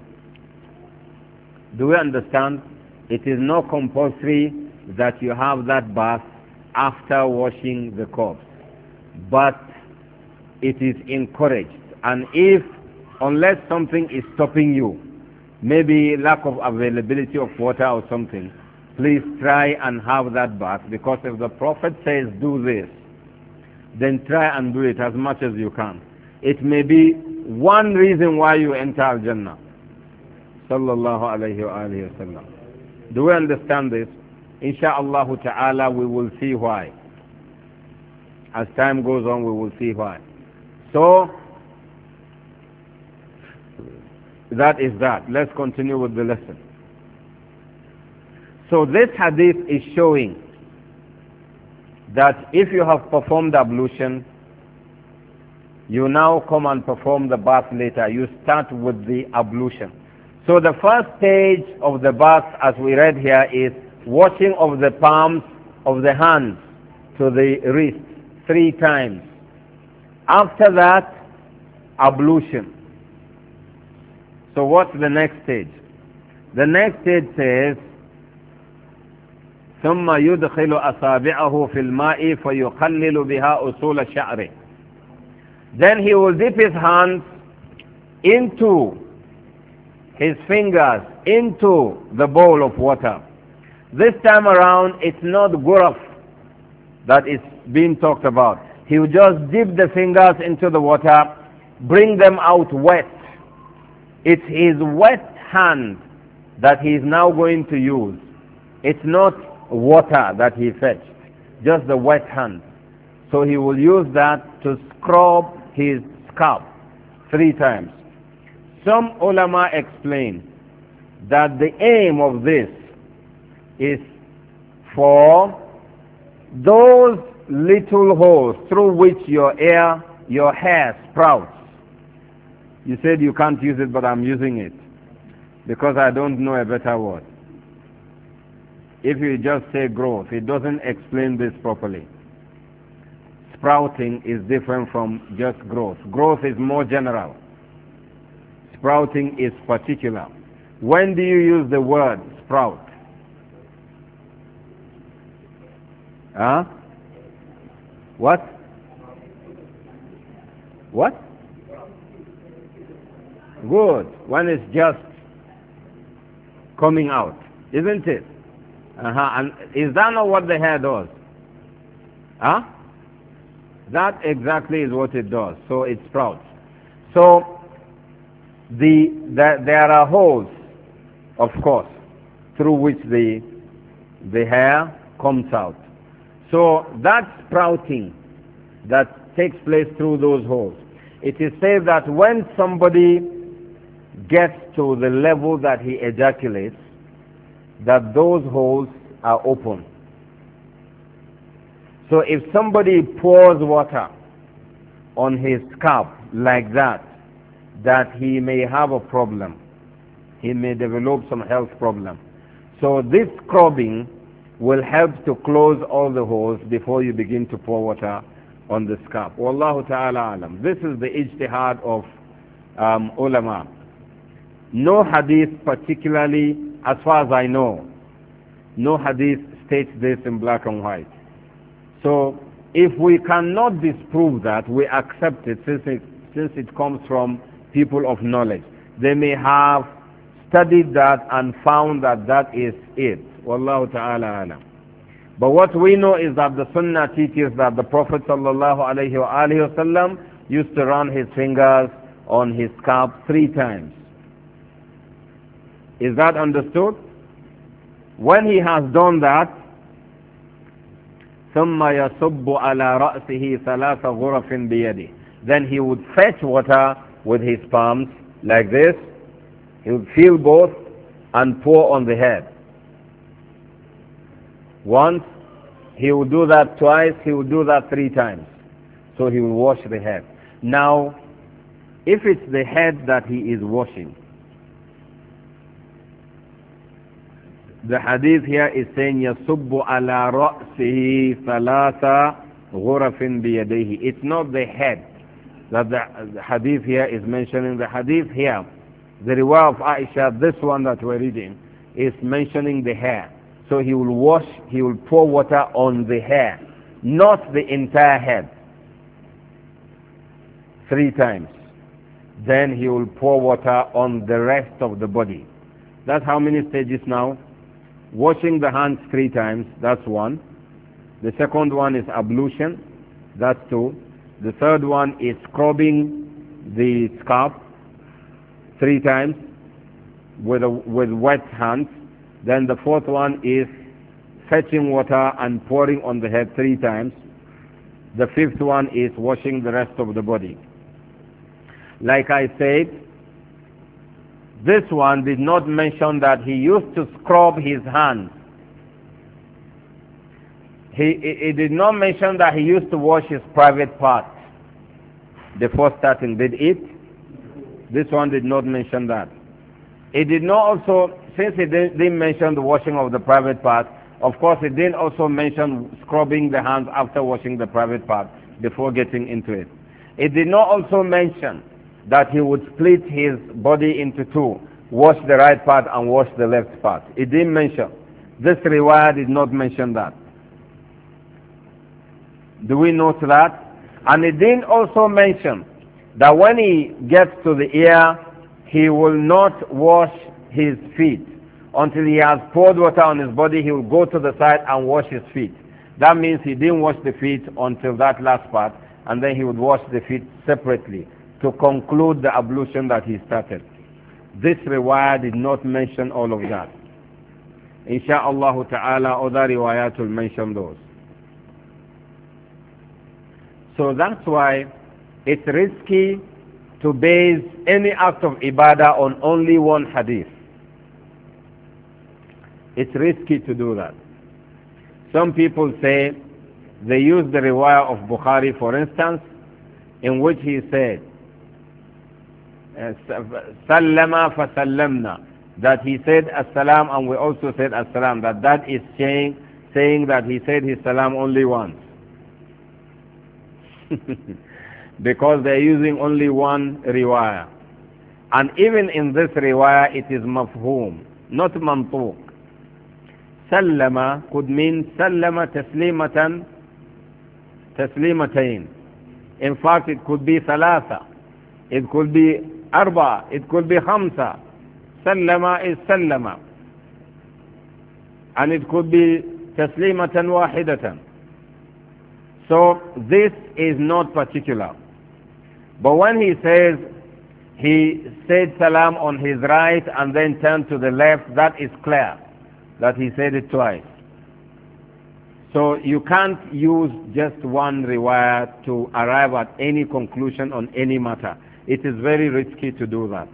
Do we understand? It is not compulsory that you have that bath after washing the corpse. But it is encouraged. And if, unless something is stopping you, maybe lack of availability of water or something, please try and have that bath because if the Prophet says do this, then try and do it as much as you can. It may be one reason why you enter Al-Jannah. Sallallahu alayhi wa alayhi wa Do we understand this? Insha'Allah ta'ala we will see why. As time goes on we will see why. So, that is that. Let's continue with the lesson. So this hadith is showing that if you have performed ablution, you now come and perform the bath later. You start with the ablution. So the first stage of the bath, as we read here, is washing of the palms of the hands to the wrist three times. After that, ablution. So what's the next stage? The next stage says, ثم يدخل أصابعه في الماء فيقلل بها أصول شعره then he will dip his hands into his fingers into the bowl of water this time around it's not guraf that is being talked about he will just dip the fingers into the water bring them out wet it's his wet hand that he is now going to use it's not water that he fetched, just the wet hand. So he will use that to scrub his scalp three times. Some ulama explain that the aim of this is for those little holes through which your air, your hair sprouts. You said you can't use it, but I'm using it because I don't know a better word if you just say growth, it doesn't explain this properly. Sprouting is different from just growth. Growth is more general. Sprouting is particular. When do you use the word sprout? Huh? What? What? Good. One is just coming out, isn't it? Uh-huh. And is that not what the hair does? Huh? That exactly is what it does. So it sprouts. So the, the there are holes, of course, through which the the hair comes out. So that sprouting that takes place through those holes. It is said that when somebody gets to the level that he ejaculates, that those holes are open. So if somebody pours water on his scalp like that, that he may have a problem. He may develop some health problem. So this scrubbing will help to close all the holes before you begin to pour water on the scalp. Wallahu ta'ala alam. This is the ijtihad of um, ulama. No hadith particularly as far as I know, no hadith states this in black and white. So if we cannot disprove that, we accept it since it, since it comes from people of knowledge. They may have studied that and found that that is it. Wallahu ta'ala alam. But what we know is that the sunnah teaches that the Prophet sallallahu used to run his fingers on his scalp three times. Is that understood? When he has done that, ثم يصب على رأسه ثلاث غرف بيده then he would fetch water with his palms like this he would fill both and pour on the head once he would do that twice he would do that three times so he will wash the head now if it's the head that he is washing The hadith here is saying, يَصُبُّ عَلَى رَأْسِهِ ثَلَاثَ غُرَفٍ بِيَدَيْهِ It's not the head that the hadith here is mentioning. The hadith here, the riwayah of Aisha, this one that we're reading, is mentioning the hair. So he will wash, he will pour water on the hair, not the entire head. Three times. Then he will pour water on the rest of the body. That's how many stages now? Washing the hands three times, that's one. The second one is ablution, that's two. The third one is scrubbing the scalp three times with, a, with wet hands. Then the fourth one is fetching water and pouring on the head three times. The fifth one is washing the rest of the body. Like I said, this one did not mention that he used to scrub his hands. He, he, he did not mention that he used to wash his private parts before starting. Did it? This one did not mention that. He did not also, since he didn't mention the washing of the private part, of course he didn't also mention scrubbing the hands after washing the private part before getting into it. It did not also mention that he would split his body into two, wash the right part and wash the left part. It didn't mention. This riwayah did not mention that. Do we note that? And it didn't also mention that when he gets to the ear, he will not wash his feet. Until he has poured water on his body, he will go to the side and wash his feet. That means he didn't wash the feet until that last part, and then he would wash the feet separately to conclude the ablution that he started. This riwayah did not mention all of that. Insha'Allah ta'ala, other riwayat will mention those. So that's why it's risky to base any act of ibadah on only one hadith. It's risky to do that. Some people say they use the riwayah of Bukhari, for instance, in which he said, sallama Sallamna, that he said assalam and we also said assalam that that is saying saying that he said his salam only once because they're using only one riwayah and even in this riwayah it is mafhum not mantuq sallama could mean sallama taslimatan taslimatayn in fact it could be thalatha it could be arba. It could be hamsa. Sallama is sallama. And it could be taslimatan wahidatan. So this is not particular. But when he says he said salam on his right and then turned to the left, that is clear that he said it twice. So you can't use just one riwayah to arrive at any conclusion on any matter it is very risky to do that.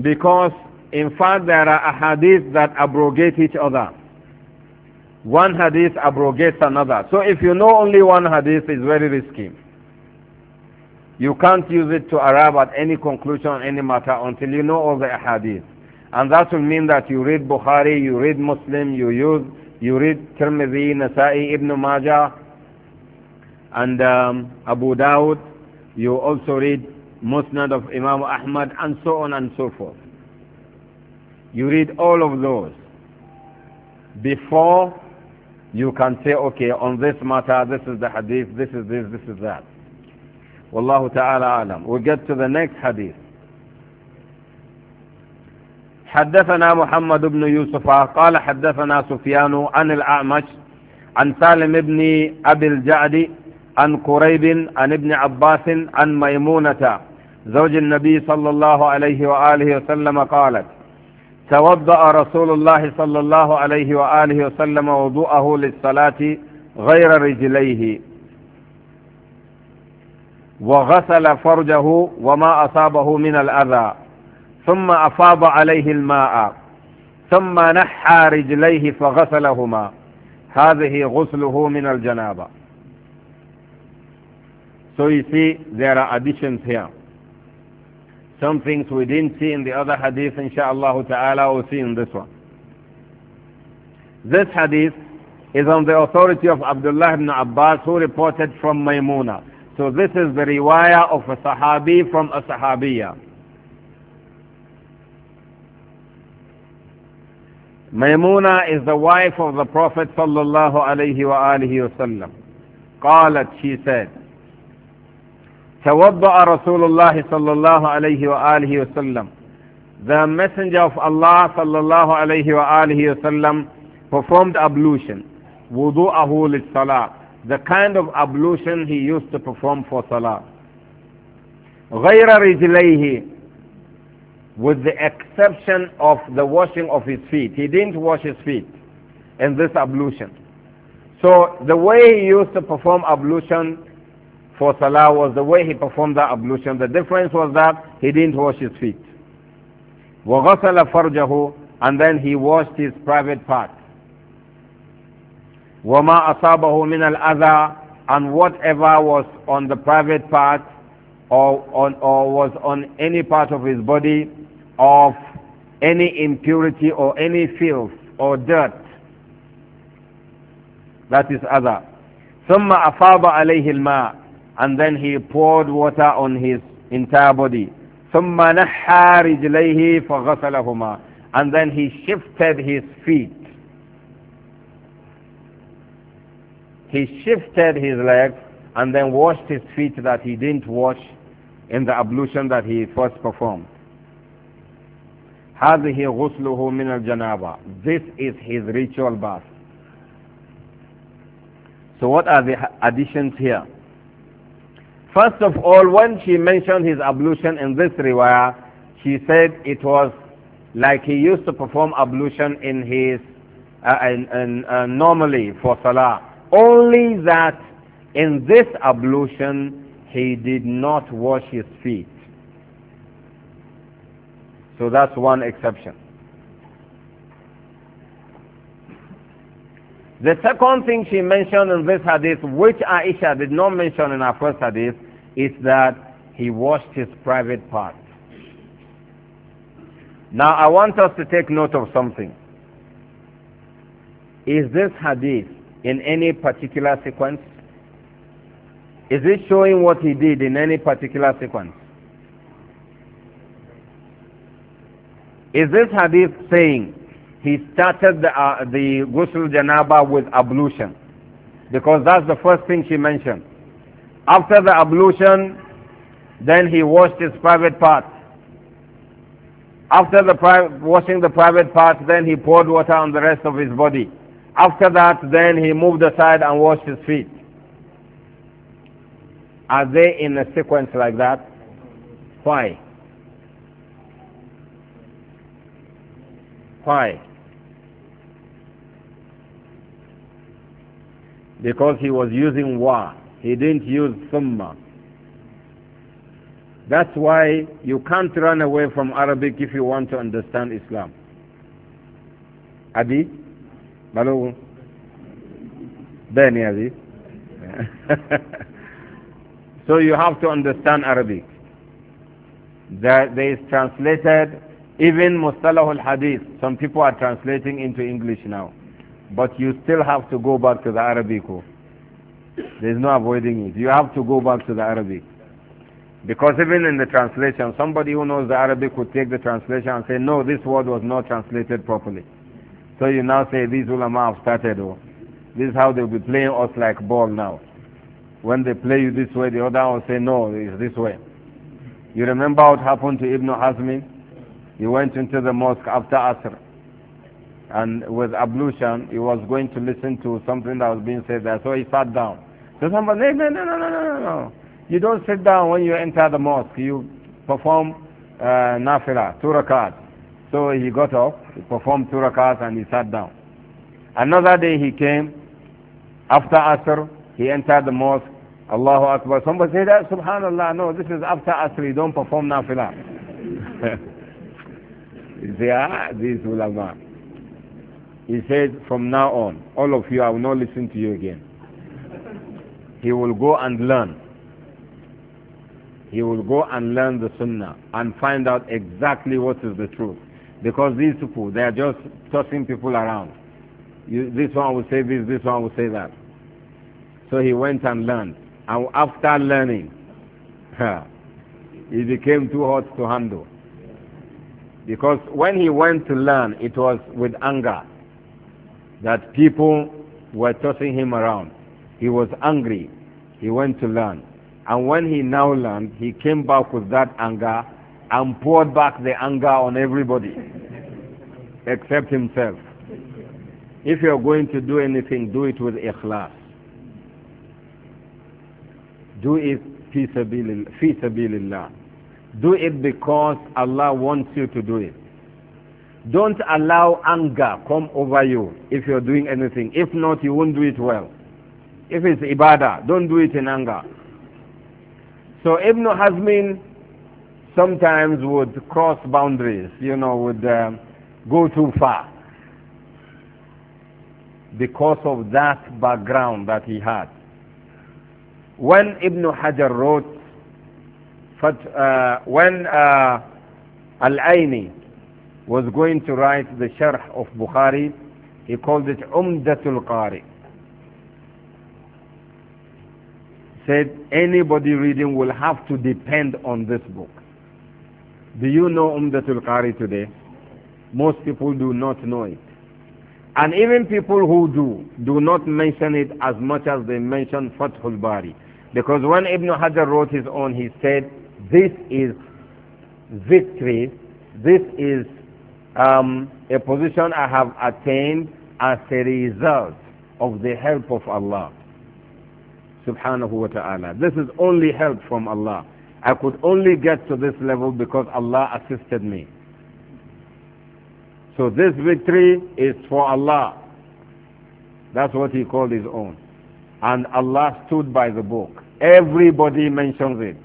Because, in fact, there are hadiths that abrogate each other. One hadith abrogates another. So if you know only one hadith, it's very risky. You can't use it to arrive at any conclusion on any matter until you know all the hadith, And that will mean that you read Bukhari, you read Muslim, you use, you read Tirmidhi, Nasa'i, Ibn Majah, and um, Abu Dawud. You also read Musnad of Imam Ahmad and so on and so forth. You read all of those before you can say, okay, on this matter, this is the hadith, this is this, this is that. Wallahu ta'ala alam. we get to the next hadith. حدثنا محمد بن يوسف قال حدثنا سفيان عن الأعمش عن سالم بن أبي الجعد عن قريب عن ابن عباس عن ميمونة زوج النبي صلى الله عليه وآله وسلم قالت توضأ رسول الله صلى الله عليه وآله وسلم وضوءه للصلاة غير رجليه وغسل فرجه وما أصابه من الأذى ثم أفاض عليه الماء ثم نحى رجليه فغسلهما هذه غسله من الجنابه So you see, there are additions here. Some things we didn't see in the other hadith, insha'Allah ta'ala, we'll see in this one. This hadith is on the authority of Abdullah ibn Abbas, who reported from Maimuna. So this is the riwayah of a sahabi from a sahabiya. Maimuna is the wife of the Prophet sallallahu alayhi wa alihi wasallam. قالت, she said, توضأ رسول الله صلى الله عليه وآله وسلم the messenger of Allah صلى الله عليه وآله وسلم performed ablution وضوءه للصلاة the kind of ablution he used to perform for salah غير رجليه with the exception of the washing of his feet he didn't wash his feet in this ablution so the way he used to perform ablution for salah was the way he performed the ablution. The difference was that he didn't wash his feet. وَغَسَلَ فَرْجَهُ And then he washed his private part. وَمَا أَصَابَهُ مِنَ الْأَذَى And whatever was on the private part or, on, or was on any part of his body of any impurity or any filth or dirt, that is other. ثم أفاض عليه الماء and then he poured water on his entire body. ثم نحى رجليه فغسلهما and then he shifted his feet. He shifted his legs and then washed his feet that he didn't wash in the ablution that he first performed. هذه غسله من الجنابة. This is his ritual bath. So what are the additions here? First of all, when she mentioned his ablution in this riwayah, she said it was like he used to perform ablution in his uh, in, in, uh, normally for salah. Only that in this ablution he did not wash his feet. So that's one exception. The second thing she mentioned in this hadith, which Aisha did not mention in her first hadith, is that he washed his private parts. Now I want us to take note of something. Is this hadith in any particular sequence? Is it showing what he did in any particular sequence? Is this hadith saying he started the, uh, the ghusl janaba with ablution? Because that's the first thing she mentioned. After the ablution, then he washed his private parts. After the washing the private parts, then he poured water on the rest of his body. After that, then he moved aside and washed his feet. Are they in a sequence like that? Why? Why? Because he was using wa. He didn't use summa. That's why you can't run away from Arabic if you want to understand Islam. Adi? Balu? beni Adi? so you have to understand Arabic. they there is translated even Mustalah al-Hadith. Some people are translating into English now. But you still have to go back to the Arabic. There is no avoiding it. You have to go back to the Arabic. Because even in the translation, somebody who knows the Arabic would take the translation and say, no, this word was not translated properly. So you now say, these ulama have started. Oh, this is how they'll be playing us like ball now. When they play you this way, the other will say, no, it's this way. You remember what happened to Ibn Hazmin? He went into the mosque after Asr. And with ablution, he was going to listen to something that was being said there. So he sat down. So somebody, no, no, no, no, no, no. You don't sit down when you enter the mosque. You perform uh, nafila, So he got up, he performed two and he sat down. Another day he came, after Asr, he entered the mosque, Allahu Akbar. Somebody said, that, Subhanallah, no, this is after Asr, you don't perform nafila. he said, ah, these ulama. He said, from now on, all of you, I will not listen to you again he will go and learn. He will go and learn the Sunnah and find out exactly what is the truth. Because these people, they are just tossing people around. You, this one will say this, this one will say that. So he went and learned. And after learning, he became too hot to handle. Because when he went to learn, it was with anger that people were tossing him around. He was angry. He went to learn. And when he now learned, he came back with that anger and poured back the anger on everybody except himself. If you're going to do anything, do it with ikhlas. Do it fi Do it because Allah wants you to do it. Don't allow anger come over you if you're doing anything. If not, you won't do it well. If it's ibadah, don't do it in anger. So Ibn Hazmin sometimes would cross boundaries, you know, would um, go too far because of that background that he had. When Ibn Hajar wrote, uh, when uh, Al-Aini was going to write the Sharh of Bukhari, he called it Umdatul Qari. said anybody reading will have to depend on this book. Do you know Umdatul Qari today? Most people do not know it. And even people who do, do not mention it as much as they mention Fathul Bari. Because when Ibn Hajar wrote his own, he said, this is victory, this is um, a position I have attained as a result of the help of Allah subhanahu wa ta'ala. This is only help from Allah. I could only get to this level because Allah assisted me. So this victory is for Allah. That's what he called his own. And Allah stood by the book. Everybody mentions it.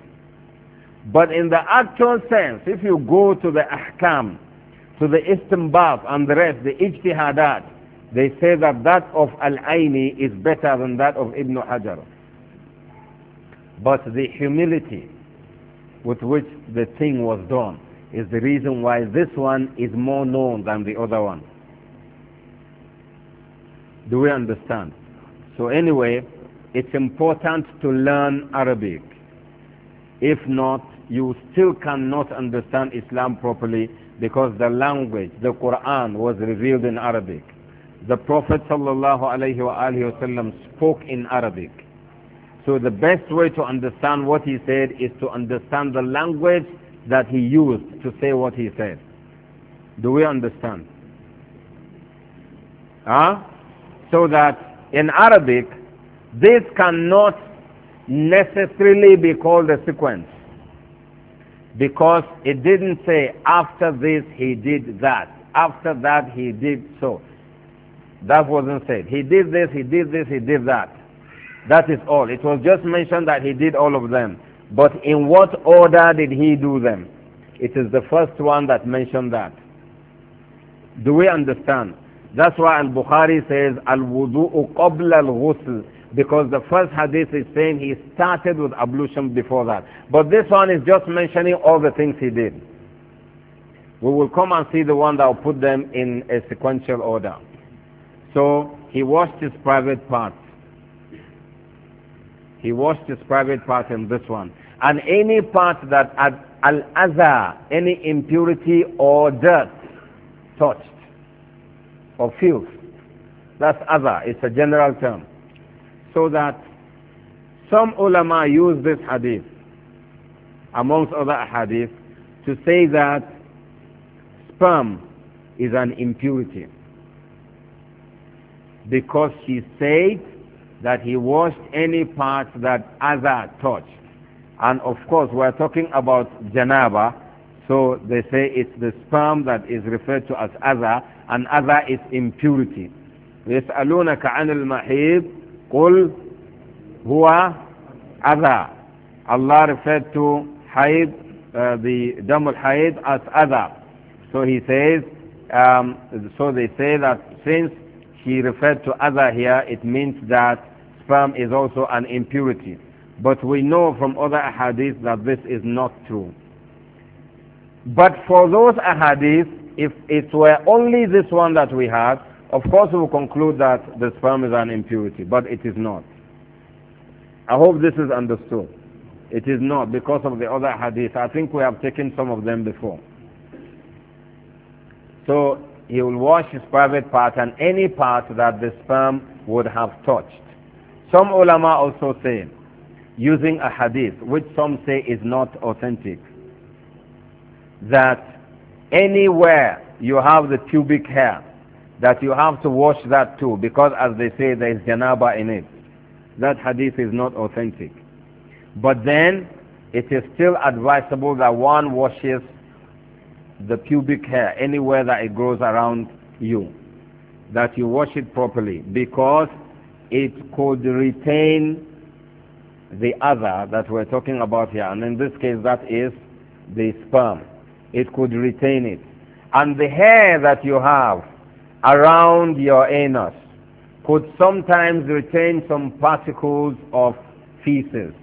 But in the actual sense, if you go to the ahkam, to the istinbat and the rest, the ijtihadat, they say that that of Al-Aini is better than that of Ibn Hajar. But the humility with which the thing was done is the reason why this one is more known than the other one. Do we understand? So anyway, it's important to learn Arabic. If not, you still cannot understand Islam properly because the language, the Quran was revealed in Arabic. The Prophet ﷺ spoke in Arabic. So the best way to understand what he said is to understand the language that he used to say what he said. Do we understand? Huh? So that in Arabic, this cannot necessarily be called a sequence because it didn't say after this he did that, after that he did so. That wasn't said. He did this, he did this, he did that. That is all. It was just mentioned that he did all of them. But in what order did he do them? It is the first one that mentioned that. Do we understand? That's why Al-Bukhari says, Al-Wudu'u qabla al-ghusl. Because the first hadith is saying he started with ablution before that. But this one is just mentioning all the things he did. We will come and see the one that will put them in a sequential order. So he washed his private parts. He washed his private part in this one. And any part that al azhar any impurity or dirt touched or filth, that's other. It's a general term. So that some ulama use this hadith, amongst other hadith, to say that sperm is an impurity. Because she said that he washed any part that other touched. And of course, we're talking about janaba, so they say it's the sperm that is referred to as other, and other is impurity. يسألونك عن المحيض قل هو other. Allah referred to haid, uh, the damul haid as other. So he says, um, so they say that since he referred to other here, it means that sperm is also an impurity. But we know from other ahadith that this is not true. But for those ahadith, if it were only this one that we had, of course we would conclude that the sperm is an impurity, but it is not. I hope this is understood. It is not because of the other hadith. I think we have taken some of them before. So he will wash his private part and any part that the sperm would have touched. Some ulama also say, using a hadith, which some say is not authentic, that anywhere you have the pubic hair, that you have to wash that too, because as they say, there is janaba in it. That hadith is not authentic. But then, it is still advisable that one washes the pubic hair anywhere that it grows around you, that you wash it properly, because it could retain the other that we're talking about here, and in this case that is the sperm. It could retain it. And the hair that you have around your anus could sometimes retain some particles of feces.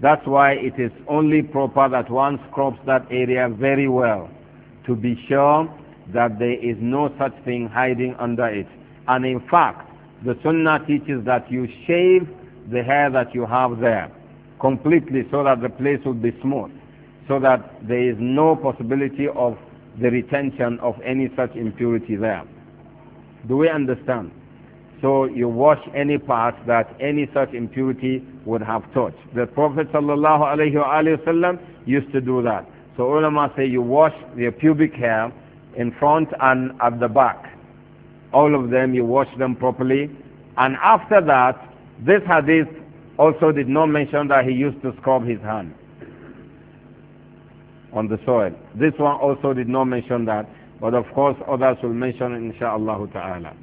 That's why it is only proper that one scrubs that area very well to be sure that there is no such thing hiding under it. And in fact, the sunnah teaches that you shave the hair that you have there completely so that the place will be smooth, so that there is no possibility of the retention of any such impurity there. Do we understand? So you wash any part that any such impurity would have touched. The Prophet ﷺ used to do that. So ulama say you wash your pubic hair in front and at the back all of them, you wash them properly. And after that, this hadith also did not mention that he used to scrub his hand on the soil. This one also did not mention that, but of course others will mention it, insha'Allah ta'ala.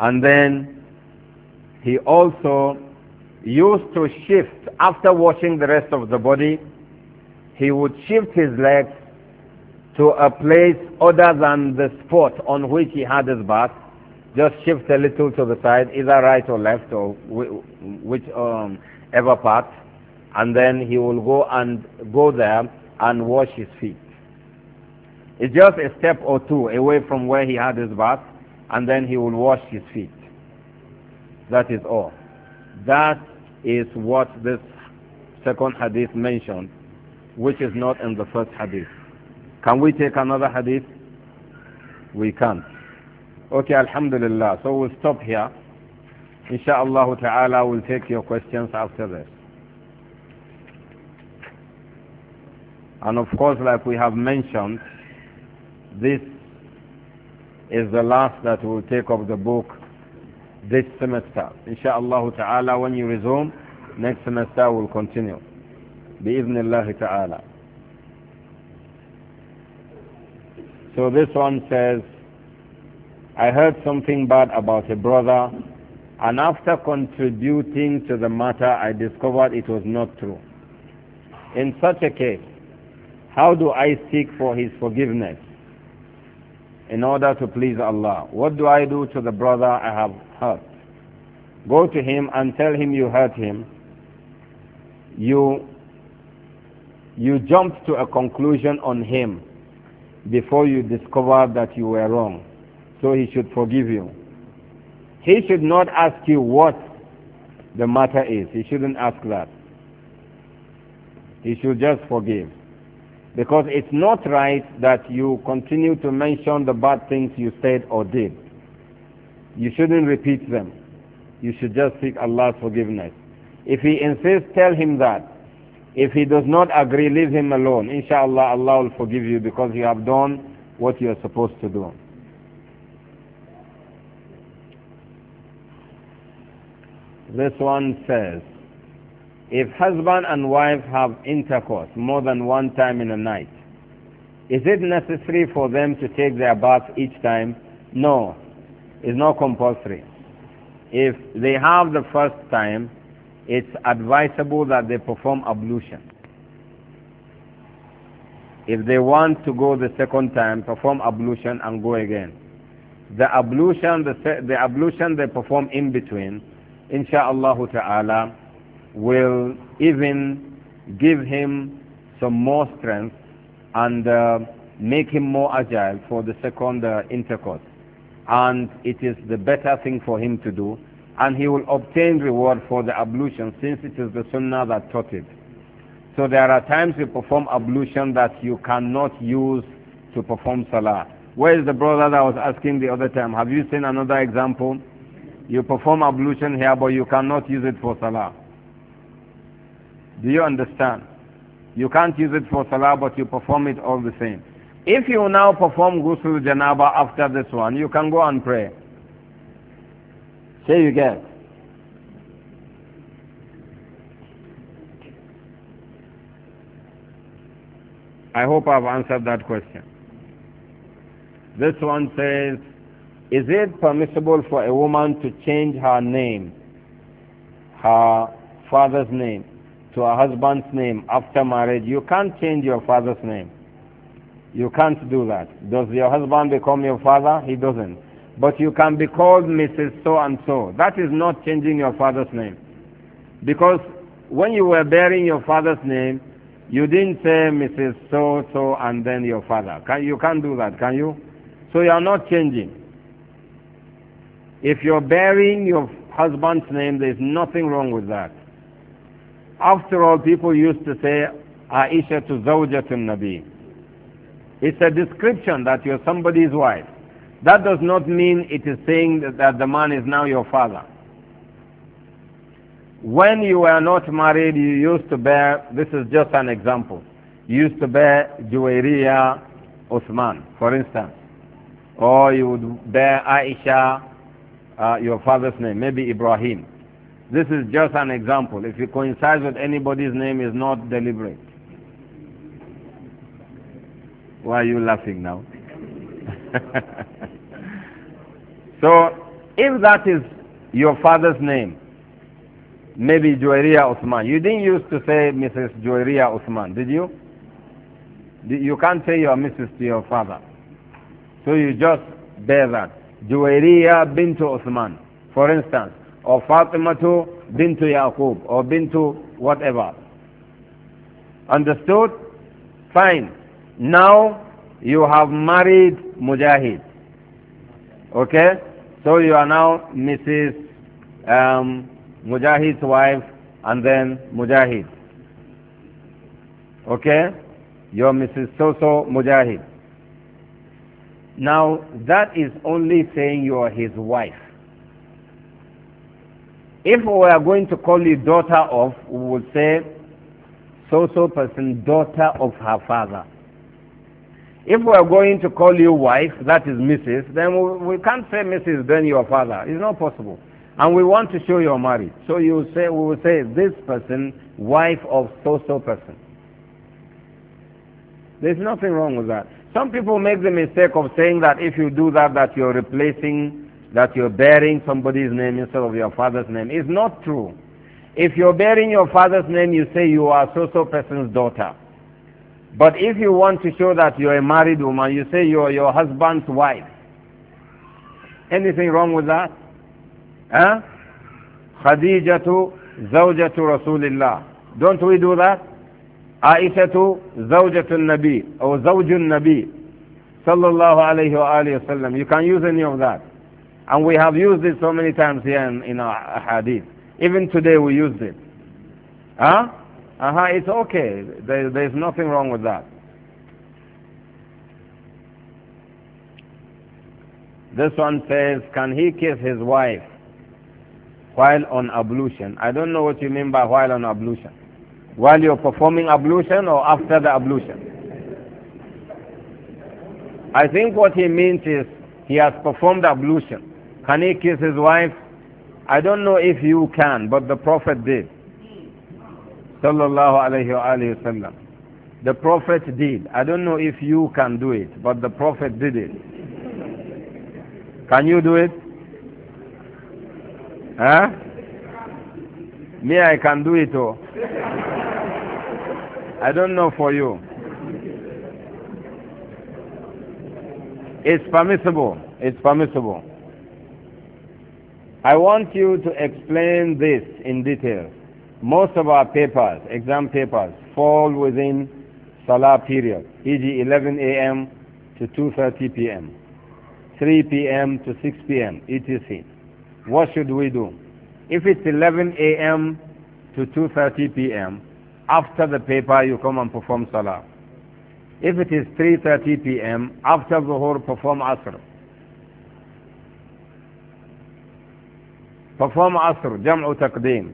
And then he also used to shift, after washing the rest of the body, he would shift his legs to a place other than the spot on which he had his bath, just shift a little to the side, either right or left or whichever um, part, and then he will go and go there and wash his feet. It's just a step or two away from where he had his bath, and then he will wash his feet. That is all. That is what this second hadith mentioned, which is not in the first hadith. Can we take another hadith? We can't. Okay, Alhamdulillah. So we'll stop here. Insha'Allah ta'ala, we'll take your questions after this. And of course, like we have mentioned, this is the last that we will take of the book this semester. Insha'Allah ta'ala, when you resume, next semester we'll continue. بإذن الله تعالى So this one says, I heard something bad about a brother, and after contributing to the matter, I discovered it was not true. In such a case, how do I seek for his forgiveness in order to please Allah? What do I do to the brother I have hurt? Go to him and tell him you hurt him. You, you jumped to a conclusion on him before you discover that you were wrong. So he should forgive you. He should not ask you what the matter is. He shouldn't ask that. He should just forgive. Because it's not right that you continue to mention the bad things you said or did. You shouldn't repeat them. You should just seek Allah's forgiveness. If he insists, tell him that. If he does not agree, leave him alone. Inshallah, Allah will forgive you because you have done what you are supposed to do. This one says, if husband and wife have intercourse more than one time in a night, is it necessary for them to take their bath each time? No, it's not compulsory. If they have the first time, it's advisable that they perform ablution. If they want to go the second time, perform ablution and go again. The ablution, the, the ablution they perform in between, insha'Allah ta'ala, will even give him some more strength and uh, make him more agile for the second uh, intercourse. And it is the better thing for him to do and he will obtain reward for the ablution since it is the sunnah that taught it. So there are times you perform ablution that you cannot use to perform salah. Where is the brother that was asking the other time? Have you seen another example? You perform ablution here, but you cannot use it for salah. Do you understand? You can't use it for salah, but you perform it all the same. If you now perform ghusl janaba after this one, you can go and pray. Here you go. I hope I've answered that question. This one says, is it permissible for a woman to change her name, her father's name, to her husband's name after marriage? You can't change your father's name. You can't do that. Does your husband become your father? He doesn't. But you can be called Mrs. So and so. That is not changing your father's name. Because when you were bearing your father's name, you didn't say Mrs. So, so, and then your father. Can, you can't do that, can you? So you are not changing. If you're bearing your husband's name, there's nothing wrong with that. After all, people used to say, Aisha to Zawjatun Nabi. It's a description that you're somebody's wife. That does not mean it is saying that, that the man is now your father. When you were not married, you used to bear, this is just an example, you used to bear Juwairiya Osman, for instance. Or you would bear Aisha, uh, your father's name, maybe Ibrahim. This is just an example. If it coincides with anybody's name, is not deliberate. Why are you laughing now? So if that is your father's name, maybe Joeria Osman. You didn't used to say Mrs. Joeria Osman, did you? You can't say your Mrs. to your father. So you just bear that. Joeria bintu Osman, for instance, or Fatimatu bintu Yaqub, or bintu whatever. Understood? Fine. Now you have married Mujahid. Okay? So you are now Mrs. Um, Mujahid's wife and then Mujahid. Okay? You're Mrs. Soso Mujahid. Now, that is only saying you are his wife. If we are going to call you daughter of, we would say so so person, daughter of her father. If we are going to call you wife, that is Mrs., then we, we can't say Mrs. then your father. It's not possible. And we want to show you're married. So you say, we will say, this person, wife of so-so person. There's nothing wrong with that. Some people make the mistake of saying that if you do that, that you're replacing, that you're bearing somebody's name instead of your father's name. It's not true. If you're bearing your father's name, you say you are so-so person's daughter. But if you want to show that you're a married woman, you say you're your husband's wife. Anything wrong with that? Huh? Khadijatu zawjatu Rasulillah. Don't we do that? Aishatu zawjatu Nabi or zawjun Nabi sallallahu alayhi wa alayhi sallam. You can use any of that. And we have used it so many times here in, in our hadith. Even today we use it. Huh? Aha, uh -huh, it's okay. There, there's nothing wrong with that. This one says, can he kiss his wife while on ablution? I don't know what you mean by while on ablution. While you're performing ablution or after the ablution? I think what he means is he has performed ablution. Can he kiss his wife? I don't know if you can, but the Prophet did sallallahu alayhi wa alayhi wasallam. The Prophet did. I don't know if you can do it, but the Prophet did it. Can you do it? Huh? Me, I can do it, oh. I don't know for you. It's permissible. It's permissible. I want you to explain this in detail most of our papers, exam papers, fall within Salah period, e.g. 11 a.m. to 2.30 p.m., 3 p.m. to 6 p.m., etc. What should we do? If it's 11 a.m. to 2.30 p.m., after the paper you come and perform Salah. If it is 3.30 p.m., after Zuhur perform Asr. Perform Asr, Jam'u Taqdeem.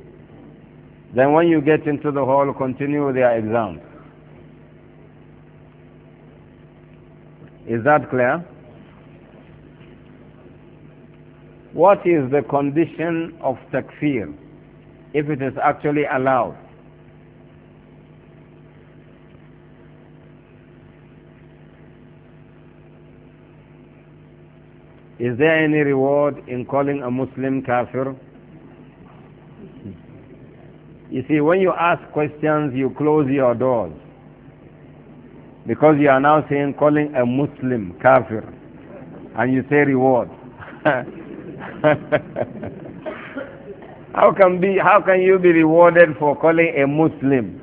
Then when you get into the hall, continue their exam. Is that clear? What is the condition of takfir if it is actually allowed? Is there any reward in calling a Muslim kafir? You see, when you ask questions, you close your doors. Because you are now saying, calling a Muslim kafir. And you say reward. how, can be, how can you be rewarded for calling a Muslim?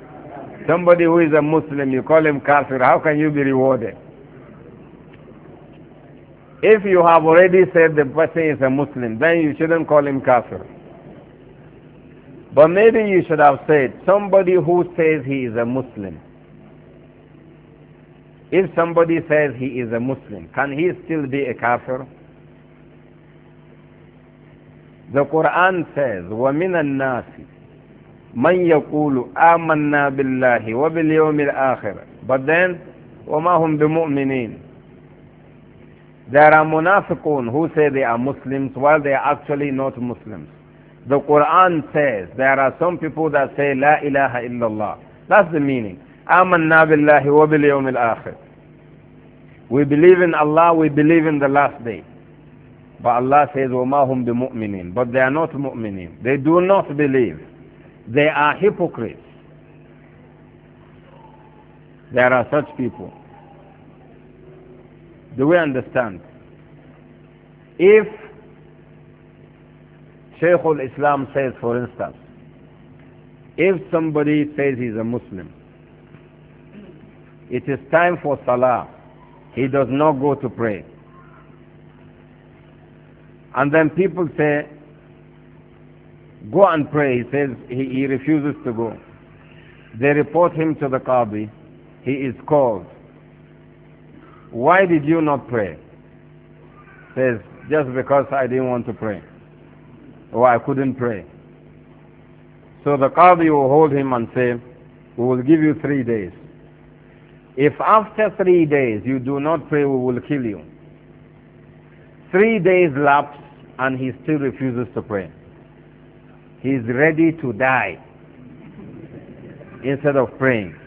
Somebody who is a Muslim, you call him kafir. How can you be rewarded? If you have already said the person is a Muslim, then you shouldn't call him kafir. But maybe you should have said, somebody who says he is a Muslim. If somebody says he is a Muslim, can he still be a kafir? The Quran says, وَمِنَ النَّاسِ مَنْ يَقُولُ آمَنَّا بِاللَّهِ وَبِالْيَوْمِ الْآخِرِ But then, وَمَا هُمْ بِمُؤْمِنِينَ There are munafiqun who say they are Muslims while they are actually not Muslims. The Quran says there are some people that say La ilaha illallah. That's the meaning. Amanna billahi wa bil yawmil akhir. We believe in Allah, we believe in the last day. But Allah says, وَمَا هُمْ بِمُؤْمِنِينَ But they are not mu'minin. They do not believe. They are hypocrites. There are such people. Do we understand? If Shaykhul Islam says, for instance, if somebody says he's a Muslim, it is time for Salah. He does not go to pray. And then people say, go and pray. He says he, he refuses to go. They report him to the Qadi. He is called. Why did you not pray? He says, just because I didn't want to pray or oh, I couldn't pray. So the Qadi will hold him and say, we will give you three days. If after three days you do not pray, we will kill you. Three days lapse and he still refuses to pray. He is ready to die instead of praying.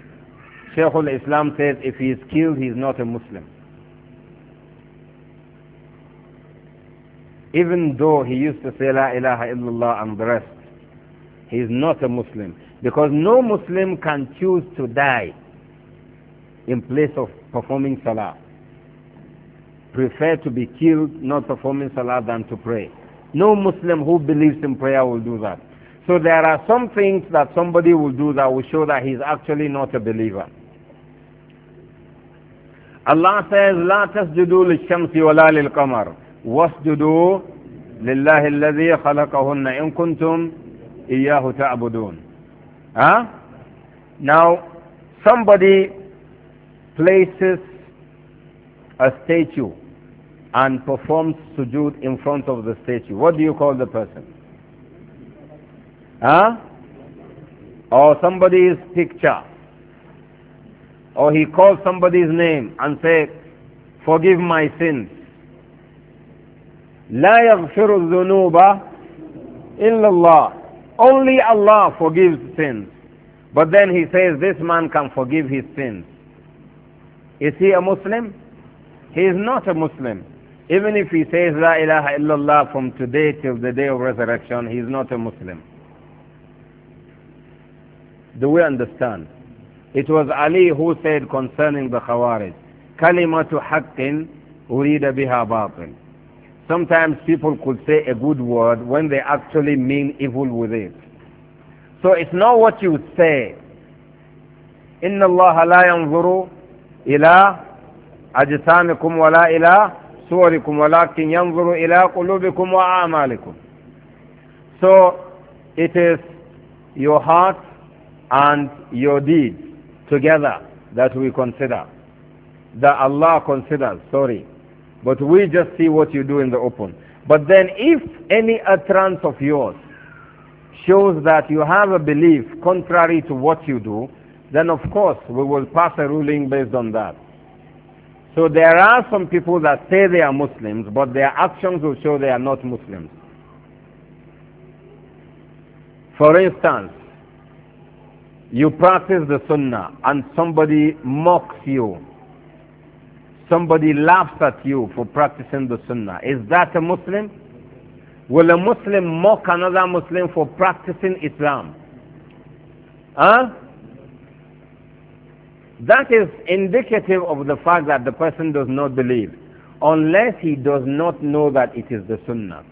sheik al-Islam says if he is killed, he is not a Muslim. even though he used to say La ilaha illallah and the rest, he is not a Muslim. Because no Muslim can choose to die in place of performing Salah. Prefer to be killed not performing Salah than to pray. No Muslim who believes in prayer will do that. So there are some things that somebody will do that will show that he's actually not a believer. Allah says, لا تسجدوا للشمس ولا للقمر واسجدوا لله الذي خلقهن إن كنتم إياه تعبدون huh? Now somebody places a statue and performs sujood in front of the statue. What do you call the person? Huh? Or somebody's picture. Or he calls somebody's name and say, forgive my sins. لا يغفر dhunuba إلا الله. Only Allah forgives sins. But then he says this man can forgive his sins. Is he a Muslim? He is not a Muslim. Even if he says إله إلا الله from today till the day of resurrection, he is not a Muslim. Do we understand? It was Ali who said concerning the Khawarij, كلمة حق أريد بها باطل Sometimes people could say a good word when they actually mean evil with it. So it's not what you say. إن الله لا ينظر إلى أجسامكم ولا إلى صوركم ولكن ينظر إلى قلوبكم وأعمالكم. So it is your heart and your deeds together that we consider, that Allah considers, sorry. But we just see what you do in the open. But then if any utterance of yours shows that you have a belief contrary to what you do, then of course we will pass a ruling based on that. So there are some people that say they are Muslims, but their actions will show they are not Muslims. For instance, you practice the Sunnah and somebody mocks you somebody laughs at you for practicing the sunnah, is that a Muslim? Will a Muslim mock another Muslim for practicing Islam? Huh? That is indicative of the fact that the person does not believe, unless he does not know that it is the sunnah.